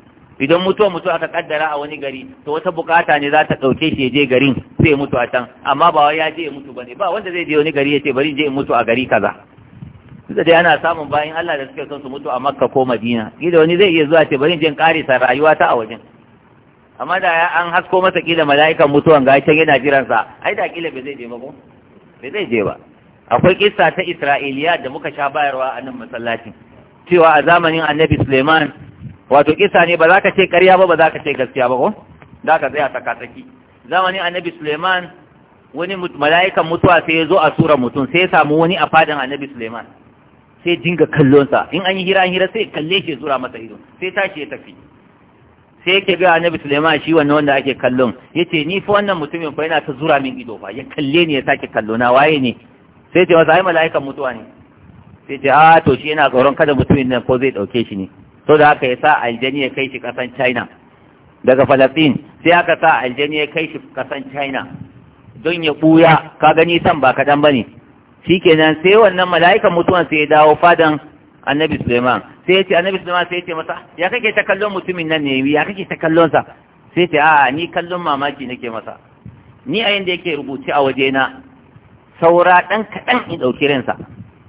idan mutuwa mutu aka kaddara a wani gari to wata bukata ne za ta dauke shi ya je garin sai ya mutu a can amma ba wai ya je ya mutu bane ba wanda zai je wani gari ya ce bari je in mutu a gari kaza duk da ana samun bayan Allah da suke son su mutu a Makka ko Madina gida wani zai iya zuwa ce bari je in rayuwa ta a wajen amma da ya an hasko masa kila mala'ikan mutuwan ga can yana jiransa ai da kila bai zai je ba ko bai zai je ba akwai kissa ta Isra'iliya da muka sha bayarwa a nan masallacin cewa a zamanin Annabi Suleiman wato kissa ne ba za ka ce ƙarya ba ba za ka ce gaskiya ba ko za ka tsaya tsakatsaki zamanin Annabi Suleiman wani mala'ikan mutuwa sai ya zo a sura mutum sai ya samu wani a fadin Annabi Suleiman sai dinga kallonsa in an yi hira hira sai kalle shi zura masa ido sai tashi ya tafi sai yake ga annabi Suleiman shi wannan wanda ake kallon yace ni fa wannan mutumin fa yana ta zura min ido fa ya kalle ni ya sake kallo na waye ne sai ce wasu ai mala'ikan mutuwa ne sai ce a to shi yana tsoron kada mutumin nan ko zai dauke shi ne to da haka ya sa aljani ya kai shi kasan China daga Falastin sai aka sa aljani ya kai shi kasan China don ya buya ka gani san ba kadan bane shikenan sai wannan mala'ikan mutuwan sai ya dawo fadan annabi Suleiman? sai ce, annabi sallama sai ce masa ya kake ta kallon mutumin nan ne ya kake ta kallon sa sai ce, a ni kallon mamaki nake masa ni a yanda yake rubuce a waje na saura dan kadan in dauki ransa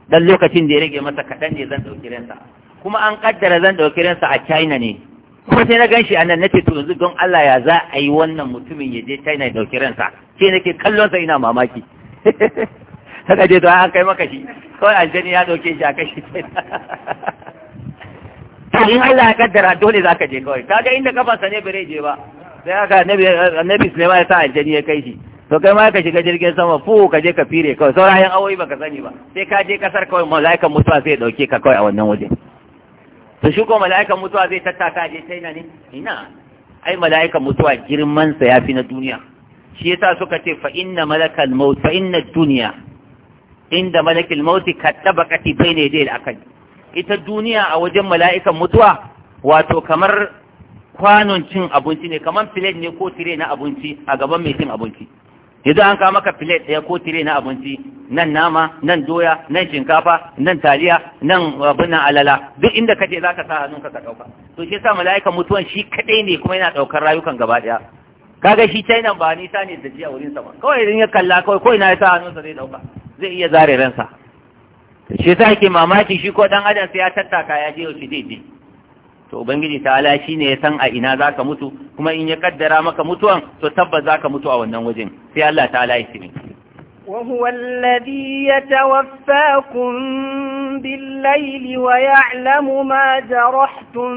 dan lokacin da ya rage masa kadan ne zan dauki ransa kuma an kaddara zan dauki ransa a China ne kuma sai na ganshi anan nace to yanzu don Allah ya za a yi wannan mutumin ya je China ya dauki ransa sai nake kallon sa ina mamaki saka je to an kai maka shi kawai aljani ya dauke shi a kashi in Allah ya kaddara dole za ka je kawai kaga inda kafarsa ne bare je ba sai aka, annabi Sulaiman ya sa aljani ya kai shi to kai ma ka shiga jirgin sama fu ka je ka fire kawai sauran yan awoyi baka sani ba sai ka je kasar kawai mala'ikan mutuwa zai dauke ka kawai a wannan waje to shi ko mala'ikan mutuwa zai tattaka je sai na ne ina ai mala'ikan mutuwa girman sa yafi na duniya shi yasa suka ce fa inna malakal maut fa inna dunya inda malakil maut ka tabaqati bayna yadayil akali ita duniya a wajen mala'ikan mutuwa wato kamar kwanon cin abinci ne kamar filet ne ko tire na abinci a gaban mai cin abinci yanzu an kama maka filet ɗaya ko tire na abinci nan nama nan doya nan shinkafa nan taliya nan abinnan alala duk inda ka je za ka sa hannun ka ɗauka to shi sa mala'ikan mutuwan shi kaɗai ne kuma yana ɗaukar rayukan gaba ɗaya ga shi china ba nisa ne da a wurin sama kawai idan ya kalla kawai ko ina ya sa hannunsa zai ɗauka zai iya zare ransa shi sa ke mamaki shi ko dan adam sai ya tattaka ya je yaushe daidai to ubangiji shi ne ya san a ina zaka mutu kuma in ya kaddara maka mutuwan to tabbas zaka mutu a wannan wajen sai Allah ta ala ya tsire وهو الذي يتوفاكم بالليل ويعلم ما جرحتم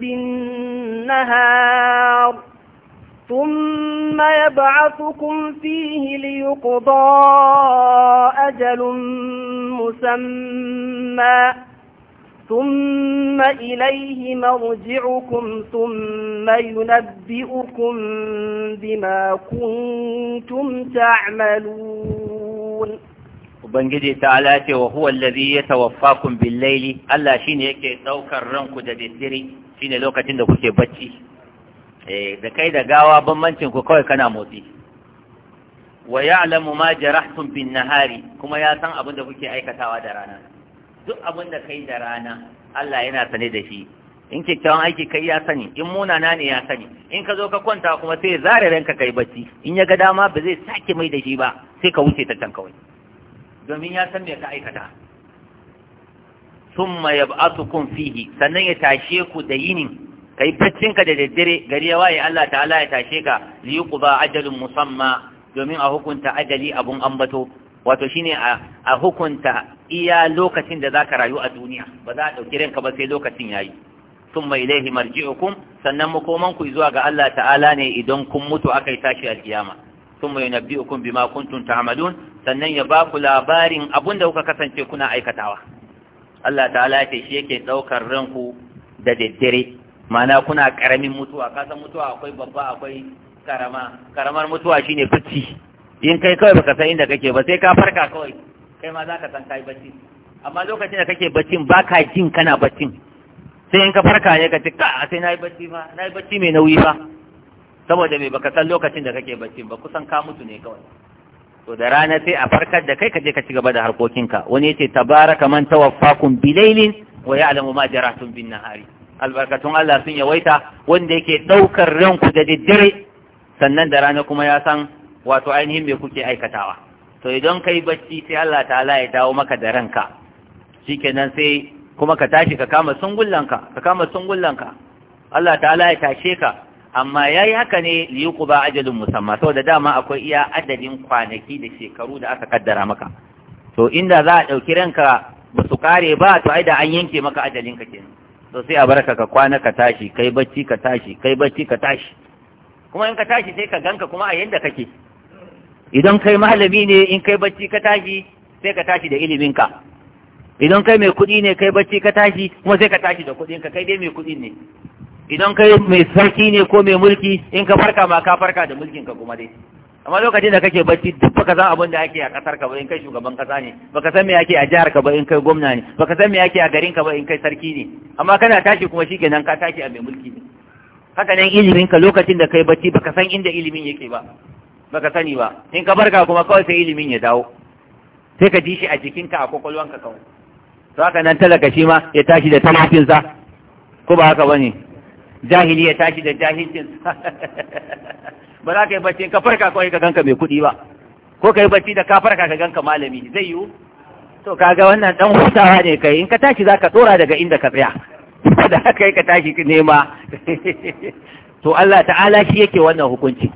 بالنهار ثم يبعثكم فيه ليقضى أجل مسمى ثم إليه مرجعكم ثم ينبئكم بما كنتم تعملون Ubangiji ta'ala ce wa huwa allazi yatawaffakum bil-laili Allah shine yake ɗaukar ranku da daddare shine lokacin da kuke bacci eh da kai da gawa bambancin ku kawai kana motsi wa ya'lamu ma jarahtum bin nahari kuma ya san abin da kuke aikatawa da rana duk abin da kai da rana Allah yana sane da shi in kyakkyawan aiki kai ya sani in munana ne ya sani in ka zo ka kwanta kuma sai zare ranka kai bacci in ya ga dama ba zai sake mai da shi ba sai ka wuce ta can kawai domin ya san me ka aikata summa yab'atukum fihi sannan ya tashe ku da yinin kai baccin ka da daddare gari ya waye Allah ta'ala ya tashe ka li yuqba ajalun musamma domin a hukunta ajali abun ambato wato shine a hukunta iya lokacin da zaka rayu a duniya ba za a dauki ranka ba sai lokacin yayi thumma ilayhi marji'ukum sannan makoman ku zuwa ga Allah ta'ala ne idan kun mutu akai tashi alkiyama thumma yunabbi'ukum bima kuntum ta'malun sannan ya baku labarin abun da kuka kasance kuna aikatawa Allah ta'ala ya ce shi yake daukar ranku da daddare ma'ana kuna karamin mutuwa ka san mutuwa akwai babba akwai karama karamar mutuwa shine bacci in kai kawai baka san inda kake ba sai ka farka kawai kai ma zaka san kai bacci amma lokacin da kake bacci baka jin kana bacci. sai in ka farka ne ka ce ka sai nayi bacci fa nayi bacci mai nauyi ba. saboda me baka san lokacin da kake bacci ba kusan ka mutu ne kawai to da rana sai a farkar da kai ka je ka ci gaba da harkokinka wani yace tabaraka man tawaffakum bilailin wa ya'lamu ma jaratun bin nahari albarkatun Allah sun yawaita wanda yake ɗaukar ranku da daddare sannan da rana kuma ya san wato ainihin me kuke aikatawa to idan kai bacci sai Allah ta'ala ya dawo maka da ranka shikenan sai kuma ka tashi ka kama sungullanka ka kama sungullanka Allah ta'ala ya tashe ka amma yayi haka ne liyuquba ajalun musamma saboda dama akwai iya adadin kwanaki da shekaru da aka kaddara maka to inda za a dauki ranka ba su kare ba to ai da an yanke maka ajalin ka kenan to sai a barka ka kwana ka tashi kai bacci ka tashi kai bacci ka tashi kuma in ka tashi sai ka ganka kuma a yanda kake idan kai malami ne in kai bacci ka tashi sai ka tashi da iliminka idan kai mai kuɗi ne kai bacci ka tashi kuma sai ka tashi da kuɗinka kai dai mai kuɗi ne idan kai mai sarki ne ko mai mulki in ka farka ma ka farka da mulkin ka kuma dai amma lokacin da kake bacci duk baka san abin da ake a kasar ka ba in kai shugaban kasa ne baka san me ake a jihar ka ba in kai gwamna ne baka san me ake a garin ka ba in kai sarki ne amma kana tashi kuma shikenan ka tashi a mai mulki ne haka nan ilimin ka lokacin da kai bacci baka san inda ilimin yake ba baka sani ba in ka barka kuma kawai sai ilimin ya dawo sai ka ji shi a jikinka a kwakwalwanka kawai to haka nan talaka shi ma ya tashi da sa ko ba haka bane jahiliya ya tashi da jahilcin ba za ka yi bacci ka farka kawai ka ganka mai kuɗi ba ko ka yi bacci da ka farka ka ganka malami zai yiwu to kaga wannan dan hutawa ne kai in ka tashi za ka tsora daga inda ka tsaya da haka yi ka tashi nema to Allah ta'ala shi yake wannan hukunci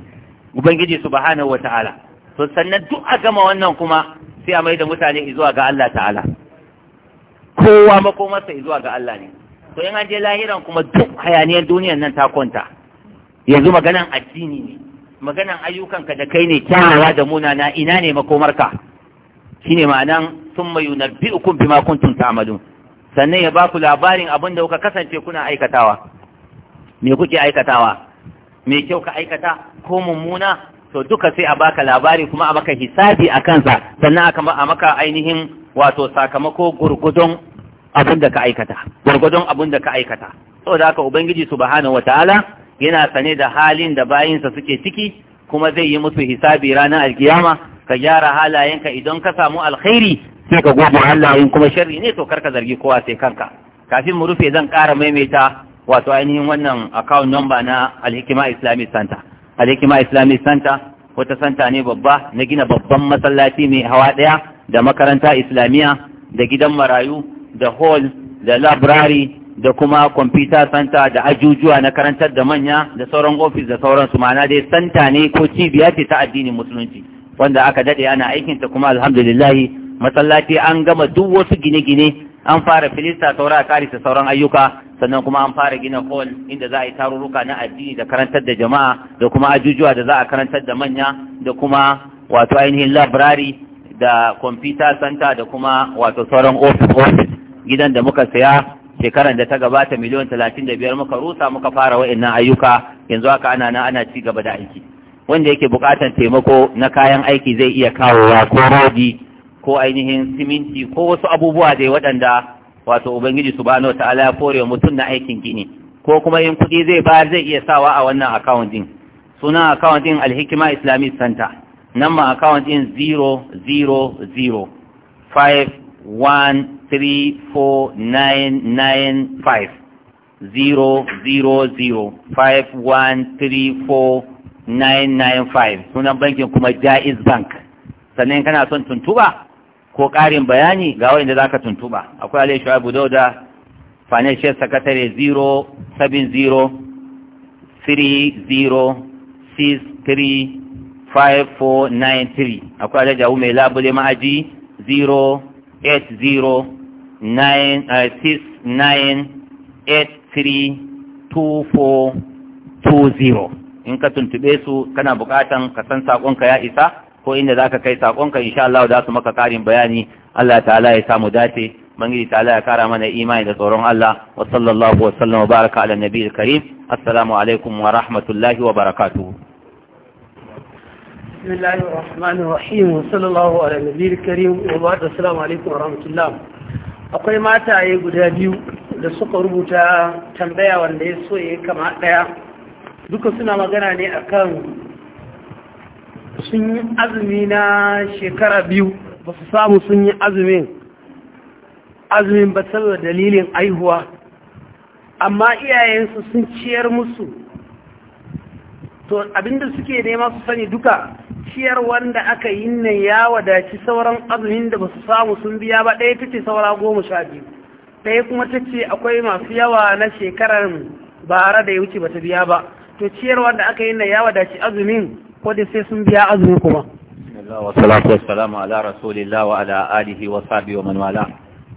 ubangiji subhanahu wa ta'ala to sannan duk a gama wannan kuma sai a mai da mutane zuwa ga Allah ta'ala kowa makomarsa zuwa ga Allah ne to in an je lahiran kuma duk hayaniyar duniyan nan ta kwanta yanzu maganan addini ne maganan ayyukanka da kai ne kyawawa da munana ina ne makomarka ne ma'anan biyu kun fi makuntun ta'malun sannan ya baku labarin abin da kuka kasance kuna aikatawa me kuke aikatawa me kyau ka aikata ko mummuna to duka sai a baka labari kuma a maka hisabi a kansa sannan a maka ainihin wato sakamako gurgudon abin da ka aikata gwargwadon abin da ka aikata saboda haka ubangiji subhanahu wataala yana sane da halin da bayinsa suke ciki kuma zai yi musu hisabi ranar alkiyama ka gyara halayenka idan ka samu alkhairi sai ka gobe halayen kuma sharri ne to karka zargi kowa sai kanka kafin mu rufe zan ƙara maimaita wato ainihin wannan account number na alhikima islamic center alhikima islamic center wata santa ne babba na gina babban masallaci mai hawa ɗaya da makaranta islamiyya da gidan marayu da hall da library da kuma computer center da ajujuwa na karantar da manya da sauran ofis da sauransu Mana dai santa ne ko cibiya ce ta addinin musulunci wanda aka dade ana aikin ta kuma alhamdulillah masallaci an gama duk wasu gine-gine an fara filista saura a karisa sauran ayyuka sannan kuma an fara gina hall inda za a yi tarurruka na addini da karantar da jama'a da kuma ajujuwa da za a karantar da manya da kuma wato ainihin library da computer center da kuma wato sauran office office gidan da muka saya shekaran da ta gabata miliyan talatin da biyar muka rusa muka fara wa'annan ayyuka yanzu haka ana nan ana ci gaba da aiki wanda yake buƙatar taimako na kayan aiki zai iya kawowa ko rodi ko ainihin siminti ko wasu abubuwa dai waɗanda wato ubangiji subhanahu wataala ya fore mutum na aikin gini ko kuma yin kuɗi zai bayar zai iya sawa a wannan account din sunan account din alhikima islamic center nan ma account din 000 five 13495 005134995 sunan bankin kuma jaiz bank sannan kana son tuntuba ko ƙarin bayani ga wanda za ka tuntuba akwai alayi da dauda financial secretary 07030635493 akwai alayi jawo mai labule ma'aji 0 zero in ka tuntube su kana bukatan ka san saƙonka ya isa ko inda za ka kai sakonka insha Allah za su maka ƙarin bayani Allah ta'ala ya samu dace bangiji ta'ala ya kara mana imani da tsoron Allah wa sallallahu wa sallam wa baraka ala nabiyil karim assalamu alaikum wa rahmatullahi wa barakatuhu بسم akwai mataye guda biyu da suka rubuta tambaya wanda ya so ya kama ɗaya. duka suna magana ne akan sun yi azumi na shekara biyu ba su samu sun yi azumin azumin ba saboda dalilin haihuwa. amma iyayensu sun ciyar musu to abinda suke nema su sani duka ciyar wanda aka yi nan ya wadaci sauran azumin da ba su samu sun biya ba ɗaya ta ce saura goma sha biyu ɗaya kuma ta ce akwai masu yawa na shekarar bara da ya wuce ba ta biya ba to ciyar wanda aka yi nan ya wadaci azumin ko da sai sun biya azumin kuma wa salamu ala rasulillah wa ala alihi wa sahbihi wa man wala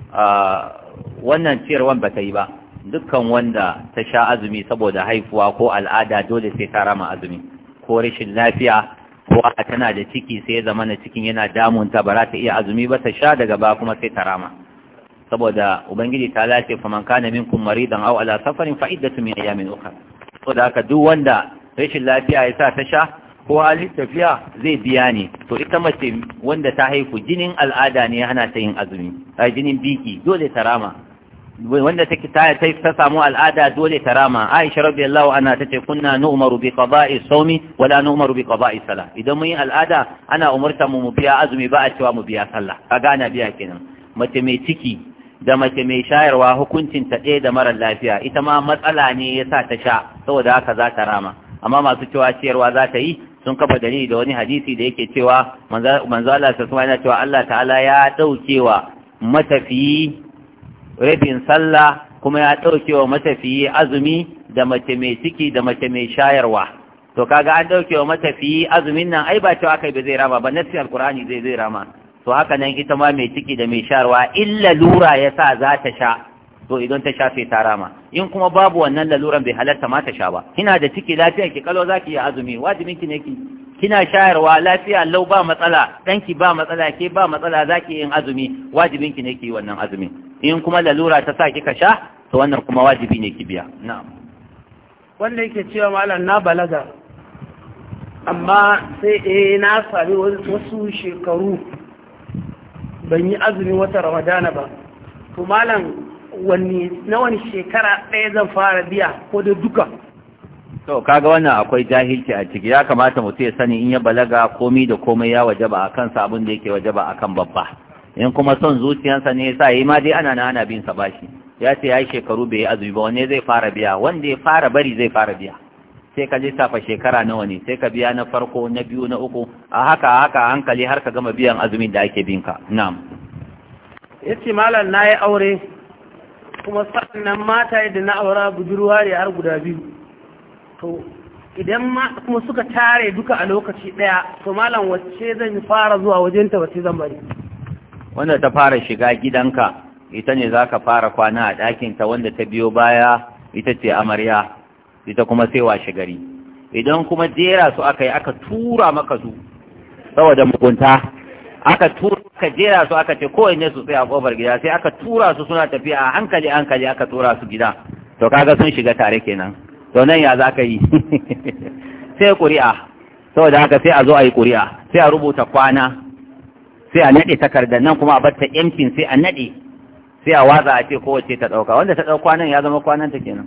ah, wannan ciyarwan ba ta yi ba dukkan wanda ta sha azumi saboda haifuwa ko al'ada dole sai ta rama azumi ko rashin lafiya kowa tana da ciki sai zama na cikin yana damunta ta za ta iya azumi ba ta sha daga ba kuma sai ta rama saboda ubangiji ta lace fa min kana minkum maridan aw ala safarin fa iddatu min ayamin ukhra saboda haka duk wanda rashin lafiya ya sa ta sha ko Ali tafiya zai biya ne to ita mace wanda ta haihu jinin al'ada ne hana ta yin azumi a jinin biki dole ta rama wanda take ta ta samu al'ada dole ta rama Aisha radiyallahu anha tace kunna nu'maru bi qada'i sawmi wa la nu'maru bi qada'i salah idan mun yi al'ada ana umurta mu mu biya azumi ba a cewa mu biya sallah kaga ana biya kenan mace mai ciki da mace mai shayarwa hukuncin ta ɗaya da mara lafiya ita ma matsala ne yasa ta sha saboda haka za ta rama amma masu cewa ciyarwa za ta yi sun kafa dalili da wani hadisi da yake cewa manzo Allah sallallahu alaihi wasallam cewa Allah ta'ala ya daukewa matafiyi rabin sallah kuma ya ɗauke wa matafiyi azumi da mace mai ciki da mace mai shayarwa to kaga an ɗauke wa matafiyi azumin nan ai ba cewa kai ba zai rama ba cikin alkur'ani zai zai rama to haka nan ita ma mai ciki da mai shayarwa illa lura ya sa za ta sha to idan ta sha, sai ta rama in kuma babu wannan laluran bai halarta ma ta sha ba kina da ciki lafiya ki kalo za ki yi azumi wajibin ki ne ki kina shayarwa lafiya lau ba matsala danki ba matsala ke ba matsala zaki yin azumi wajibin ki ne ki wannan azumin in kuma lalura ta sa kika sha to wannan kuma wajibi ne ki biya na'am wanda yake cewa malam na balaga amma sai eh na sami wasu shekaru ban yi azumi wata ramadana ba to malam wani na wani shekara ɗaya zan fara biya ko da duka to kaga wannan akwai jahilci a ciki ya kamata mutum ya sani in ya balaga komai da komai ya wajaba a kansa abin da yake wajaba a kan babba in kuma son zuciyarsa ne sa yi ma dai ana na ana bin sa bashi ya ce ya yi shekaru bai yi azumi ba wanne zai fara biya wanda ya fara bari zai fara biya sai ka lissafa shekara nawa ne sai ka biya na farko na biyu na uku a haka a haka hankali har ka gama biyan azumin da ake binka na'am yace malam na yi aure kuma sannan mata yadda na aura budurwa ne har guda biyu to idan ma kuma suka tare duka a lokaci daya to malam wacce zan fara zuwa wajenta wacce zan bari wanda ta fara shiga gidanka ita ne za fara kwana a ta wanda ta biyo baya ita ce amarya ita kuma sai washe gari idan kuma jera su aka yi aka tura maka su saboda mugunta aka tura aka jera su aka ce kowai ne su sai a kofar gida sai aka tura su suna tafiya a hankali hankali aka tura su gida to kaga sun shiga tare kenan to nan ya za ka yi sai ƙuri'a saboda haka sai a zo a yi ƙuri'a sai a rubuta kwana sai a naɗe takardar nan kuma a batta yankin sai a naɗe sai a watsa a ce kowace ta ɗauka wanda ta ɗau kwanan ya zama kwanan ta kenan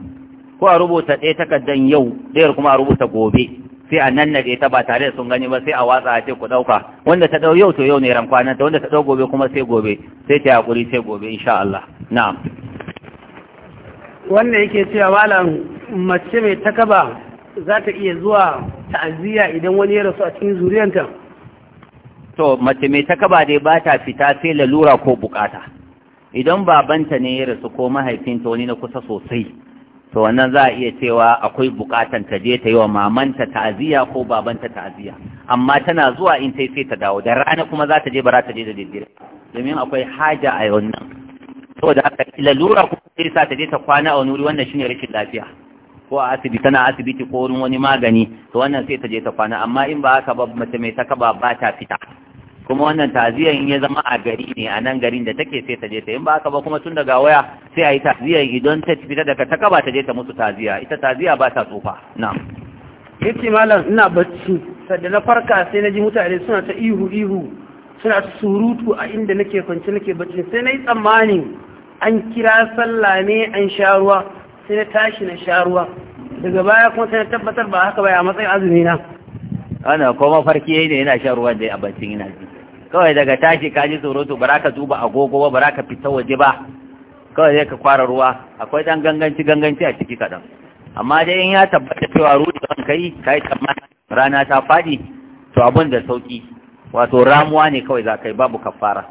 ko a rubuta ɗaya takardar yau ɗayar kuma a rubuta gobe sai a nan naɗe ta ba tare da sun gani ba sai a watsa a ce ku ɗauka wanda ta ɗau yau to yau ne ran kwanan ta wanda ta ɗau gobe kuma sai gobe sai ta haƙuri sai gobe insha Allah na'am Wanda yake cewa malam mace mai takaba za ta iya zuwa ta'aziyya idan wani ya rasu a cikin zuriyanta to mace mai takaba dai ba ta fita sai lalura ko bukata idan babanta ne ya rasu ko mahaifinta wani na kusa sosai to wannan za a iya cewa akwai bukatan ta je ta yi wa mamanta ta'aziyya ko babanta ta'aziyya amma tana zuwa in sai sai ta dawo da rana kuma za ta je ba za ta je da daddare domin akwai haja a nan. saboda haka lalura kuma sai ta je ta kwana a wani wuri wannan shine rashin lafiya ko a asibiti tana asibiti ko wurin wani magani to wannan sai ta je ta kwana amma in ba haka ba mace mai ta kaba ba ta fita kuma wannan taziyan in ya zama a gari ne a nan garin da take sai ta je ta in ba haka ba kuma tun daga waya sai a yi taziyan idan ta fita daga ta kaba ta je ta musu taziya ita taziya ba ta tsufa na yace malam ina bacci sai na farka sai na ji mutane suna ta ihu ihu suna ta surutu a inda nake kwance nake bacci sai na yi tsammani an kira sallah ne an sha ruwa sai na tashi na sha ruwa daga baya kuma sai tabbatar ba haka ba a matsayin azumi na ana kuma farki ne yana shan ruwan da abincin yana ji kawai daga tashi ka ji tsoro to baraka duba agogo ba baraka fita waje ba kawai sai ka kwara ruwa akwai dan ganganci ganganci a ciki kadan amma dai in ya tabbata cewa kan kai kai kamar rana ta fadi to abun da sauki wato ramuwa ne kawai za kai babu kafara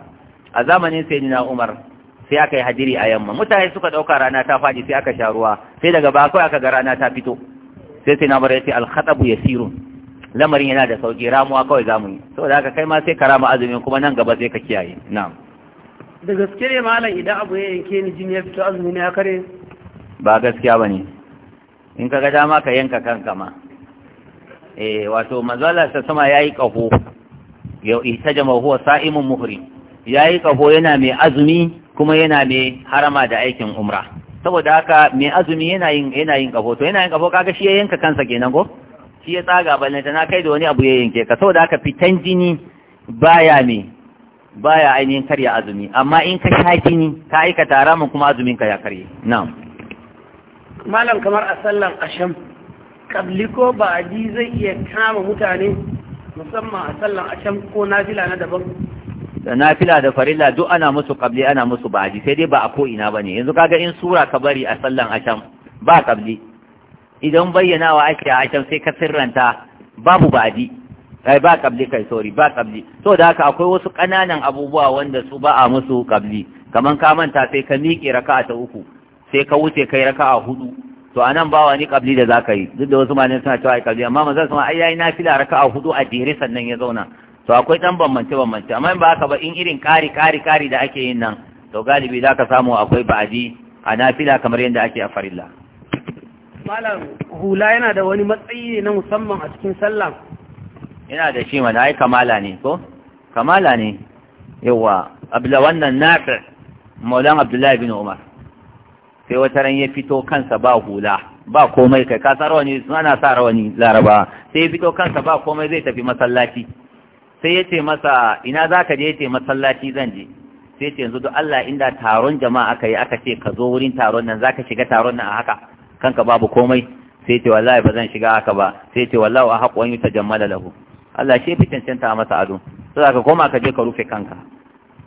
a zamanin sayyidina Umar sai aka yi hadiri a yamma mutane suka ɗauka rana ta faɗi sai aka sha ruwa sai daga ba kawai aka ga rana ta fito sai sai na bar ya ce alhaɗabu ya sirun lamarin yana da sauƙi ramuwa kawai za mu yi saboda haka kai ma sai ka rama azumin kuma nan gaba sai ka kiyaye na'am da gaske ne malam idan abu ya yanke ni jini ya fito azumi ne ya kare ba gaskiya ba ne in ka ga dama ka yanka kanka ma eh wato manzala ta sama yayi kaho ya ita jama huwa sa'imun muhri yayi kaho yana mai azumi kuma yana mai harama da aikin umra saboda haka mai azumi yana yin yana yin kafo to yana yin kafo kaga shi ya yanka kansa kenan ko shi ya tsaga balle ta na kai da wani abu ya yanke ka saboda haka fitan jini baya me baya ainihin karya azumi amma in ka sha jini ka aikata haramun kuma azumin ka ya karye na'am malam kamar a sallan ashan kabli ko ba'adi zai iya kama mutane musamman a sallan ashan ko nafila na daban da nafila da farilla duk ana musu kabli ana musu ba'adi sai dai ba a ko'ina ba ne yanzu kaga in sura ka bari a sallan asham ba kabli idan bayyanawa ake a asham sai ka sirranta babu ba'adi kai ba kabli kai sorry ba kabli to da haka akwai wasu ƙananan abubuwa wanda su ba a musu kabli kaman ka manta sai ka miƙe raka'a ta uku sai ka wuce kai raka'a hudu to anan ba wani kabli da zaka yi duk da wasu malaman suna cewa ai kabli amma manzon sama ai yayi nafila raka'a hudu a dire sannan ya zauna to akwai ɗan bambance-bambance amma in ba haka ba in irin ƙari ƙari kari da ake yin nan to galibi za ka samu akwai ba'adi a nafila kamar yadda ake a farilla malam hula yana da wani matsayi ne na musamman a cikin sallah yana da shi mana ai kamala ne ko kamala ne yawa abla wannan nafi maulan abdullahi bin umar sai wata ran ya fito kansa ba hula ba komai kai ka sa rawani suna sa rawani laraba sai ya fito kansa ba komai zai tafi masallaci sai ya ce masa ina za ka je ya ce masallaci zan je sai ce yanzu duk Allah inda taron jama'a aka yi aka ce ka zo wurin taron nan za ka shiga taron nan a haka kanka babu komai sai ce wallahi ba zan shiga haka ba sai ce wallahi a haƙo an yi ta jammala lahu Allah shi fi cancanta masa ado sai za ka koma ka je ka rufe kanka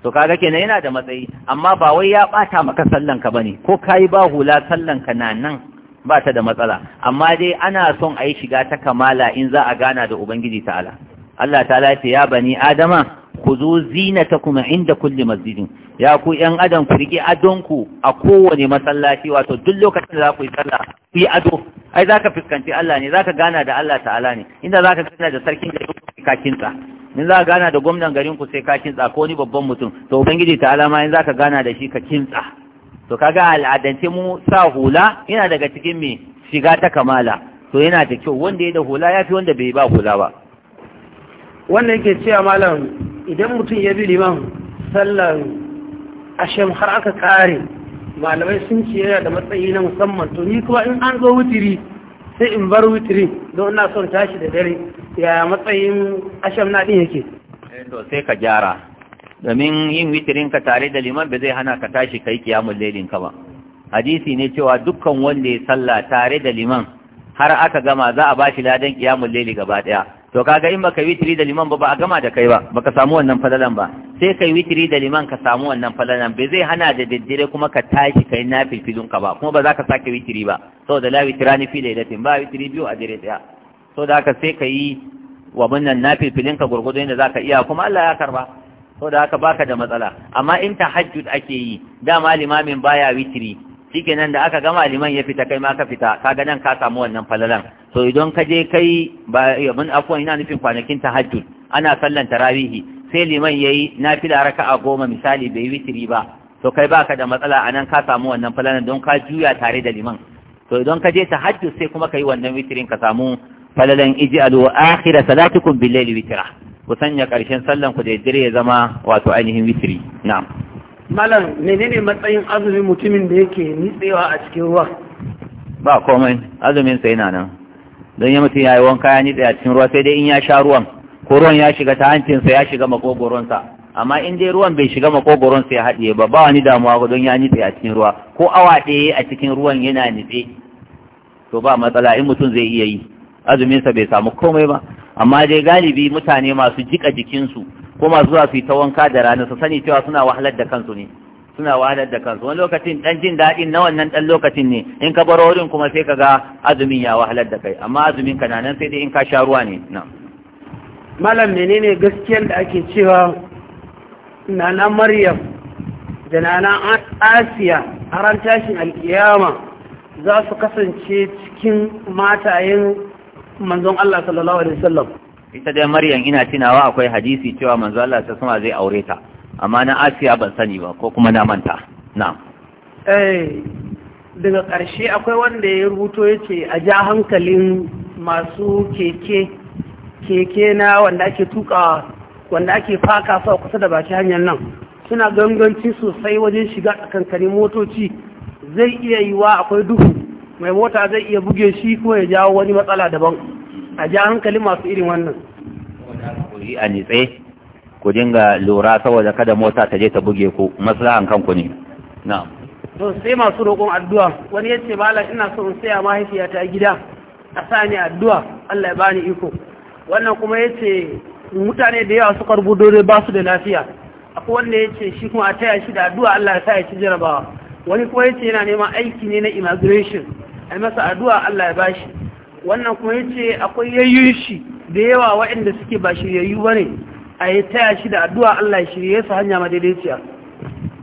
to kaga kenan yana da matsayi amma ba wai ya ɓata maka sallanka ba ne ko ka yi ba hula sallanka na nan ba ta da matsala amma dai ana son a yi shiga ta kamala in za a gana da Ubangiji ta'ala. Allah ta lafi ya bani adama ku zo zinata kuma inda kulli masjidin ya ku yan adam ku rike adonku a kowane masallaci wato duk lokacin da za ku yi sallah ku yi ado ai ka fuskanci Allah ne Za ka gana da Allah ta'ala ne inda za ka gana da sarkin da ka tsa in za ka gana da gwamnan garin ku sai ka tsa ko ni babban mutum to ubangiji ta alama in za ka gana da shi ka kintsa to ga al'adance mu sa hula yana daga cikin me shiga ta kamala to yana da kyau wanda ya da hula ya fi wanda bai ba hula ba wannan yake cewa malam idan mutum ya bi liman sallar ashem har aka kare malamai sun ce yana da matsayi na musamman to ni kuma in an zo wutiri sai in bar wutiri don ina son tashi da dare ya matsayin ashem na din yake eh, to sai ka gyara domin yin wutirin ka tare da liman ba zai hana ka tashi kai kiyamul lailin ka ba hadisi ne cewa dukkan wanda ya salla tare da liman har aka gama za a bashi ladan kiyamul laili gaba daya to kaga in baka witiri da liman ba ba a gama da kai ba baka samu wannan falalan ba sai kai witiri da liman ka samu wannan falalan bai zai hana da daddare kuma ka tashi kai na filfilun ka ba kuma ba za ka sake witiri ba saboda la witirani fi lailatin ba witiri biyu a dare daya saboda haka sai ka yi wa wannan na filfilin ka gurgudu inda za ka iya kuma Allah ya karba saboda haka baka da matsala amma in tahajjud ake yi dama limamin baya witiri shikenan da aka gama liman ya fita kai ma ka fita kaga nan ka samu wannan falalan so idan ka je kai ba mun afuwa ina nufin kwanakin tahajjud ana sallan tarawihi sai liman yayi nafila raka'a goma misali bai witiri ba to kai baka da matsala anan ka samu wannan falalan don ka juya tare da liman to idan ka je tahajjud sai kuma kai wannan witirin ka samu falalan ij'alu akhir salatukum bil layli witra ku sanya karshen sallan ku da dare ya zama wato ainihin witri na'am malam menene matsayin azumin mutumin da yake nitsewa a cikin ruwa ba komai azumin sai na nan don ya mutum ya yi wanka ya nitsa a cikin ruwa sai dai in ya sha ruwan ko ruwan ya shiga ta hancinsa ya shiga makogoronsa amma in dai ruwan bai shiga makogoronsa ya haɗiye ba ba wani damuwa ko don ya nitsa a cikin ruwa ko awa ɗaya a cikin ruwan yana nitse to ba matsala in mutum zai iya yi azuminsa bai samu komai ba amma dai galibi mutane masu jika jikinsu ko masu zuwa su yi ta wanka da rana su sani cewa suna wahalar da kansu ne suna wahalar da kansu wani lokacin dan jin daɗin na wannan dan lokacin ne in ka baro wurin kuma sai ka ga azumin ya wahalar da kai amma azumin ka nan sai dai in ka sha ruwa ne na malam menene gaskiyar da ake cewa nana maryam da nana asiya a ran tashin alkiyama za su kasance cikin matayen manzon Allah sallallahu alaihi wasallam ita dai maryam ina tunawa akwai hadisi cewa manzon Allah sallallahu alaihi wasallam zai aure ta amma na asiya ban sani ba ko kuma na manta na'am eh, daga ƙarshe akwai wanda ya rubuto ya ce a ja hankalin masu keke keke na wanda ake tuka wanda ake faka sa kusa da baki hanyar nan suna ganganci sosai wajen shiga tsakankanin motoci zai iya yi wa akwai duhu mai mota zai iya buge shi ko ya jawo wani matsala daban a ja hankalin masu irin wannan a nitse ku dinga lura saboda kada mota ta je ta buge ku maslahan kanku ne na'am to sai masu roƙon addu'a wani ya ce ina so in saya mahaifiyata a gida a sa ni addu'a Allah ya bani iko wannan kuma ya ce mutane da yawa suka rubuto dai ba su da lafiya akwai wanda ya ce shi kuma a taya shi da addu'a Allah ya sa ya ci jarabawa wani kuma ya ce yana neman aiki ne na immigration a masa addu'a Allah ya bashi wannan kuma ya ce akwai yayyushi da yawa waɗanda suke ba shiryayyu ba ne a yi taya shi da addu'a Allah ya shirye su hanya madaidaiciya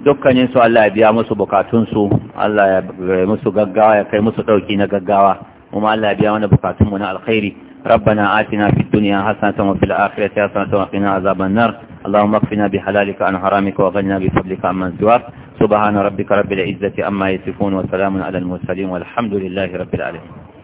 dukkanin su Allah ya biya musu bukatunsu Allah ya musu gaggawa ya kai musu ɗauki na gaggawa kuma Allah ya biya wani bukatunmu na alkhairi ربنا آتنا في الدنيا حسنة وفي الآخرة حسنة وقنا عذاب النار اللهم اكفنا بحلالك عن حرامك وغننا بفضلك عمن سواك سبحان ربك رب العزة أما يصفون وسلام على المرسلين والحمد لله رب العالمين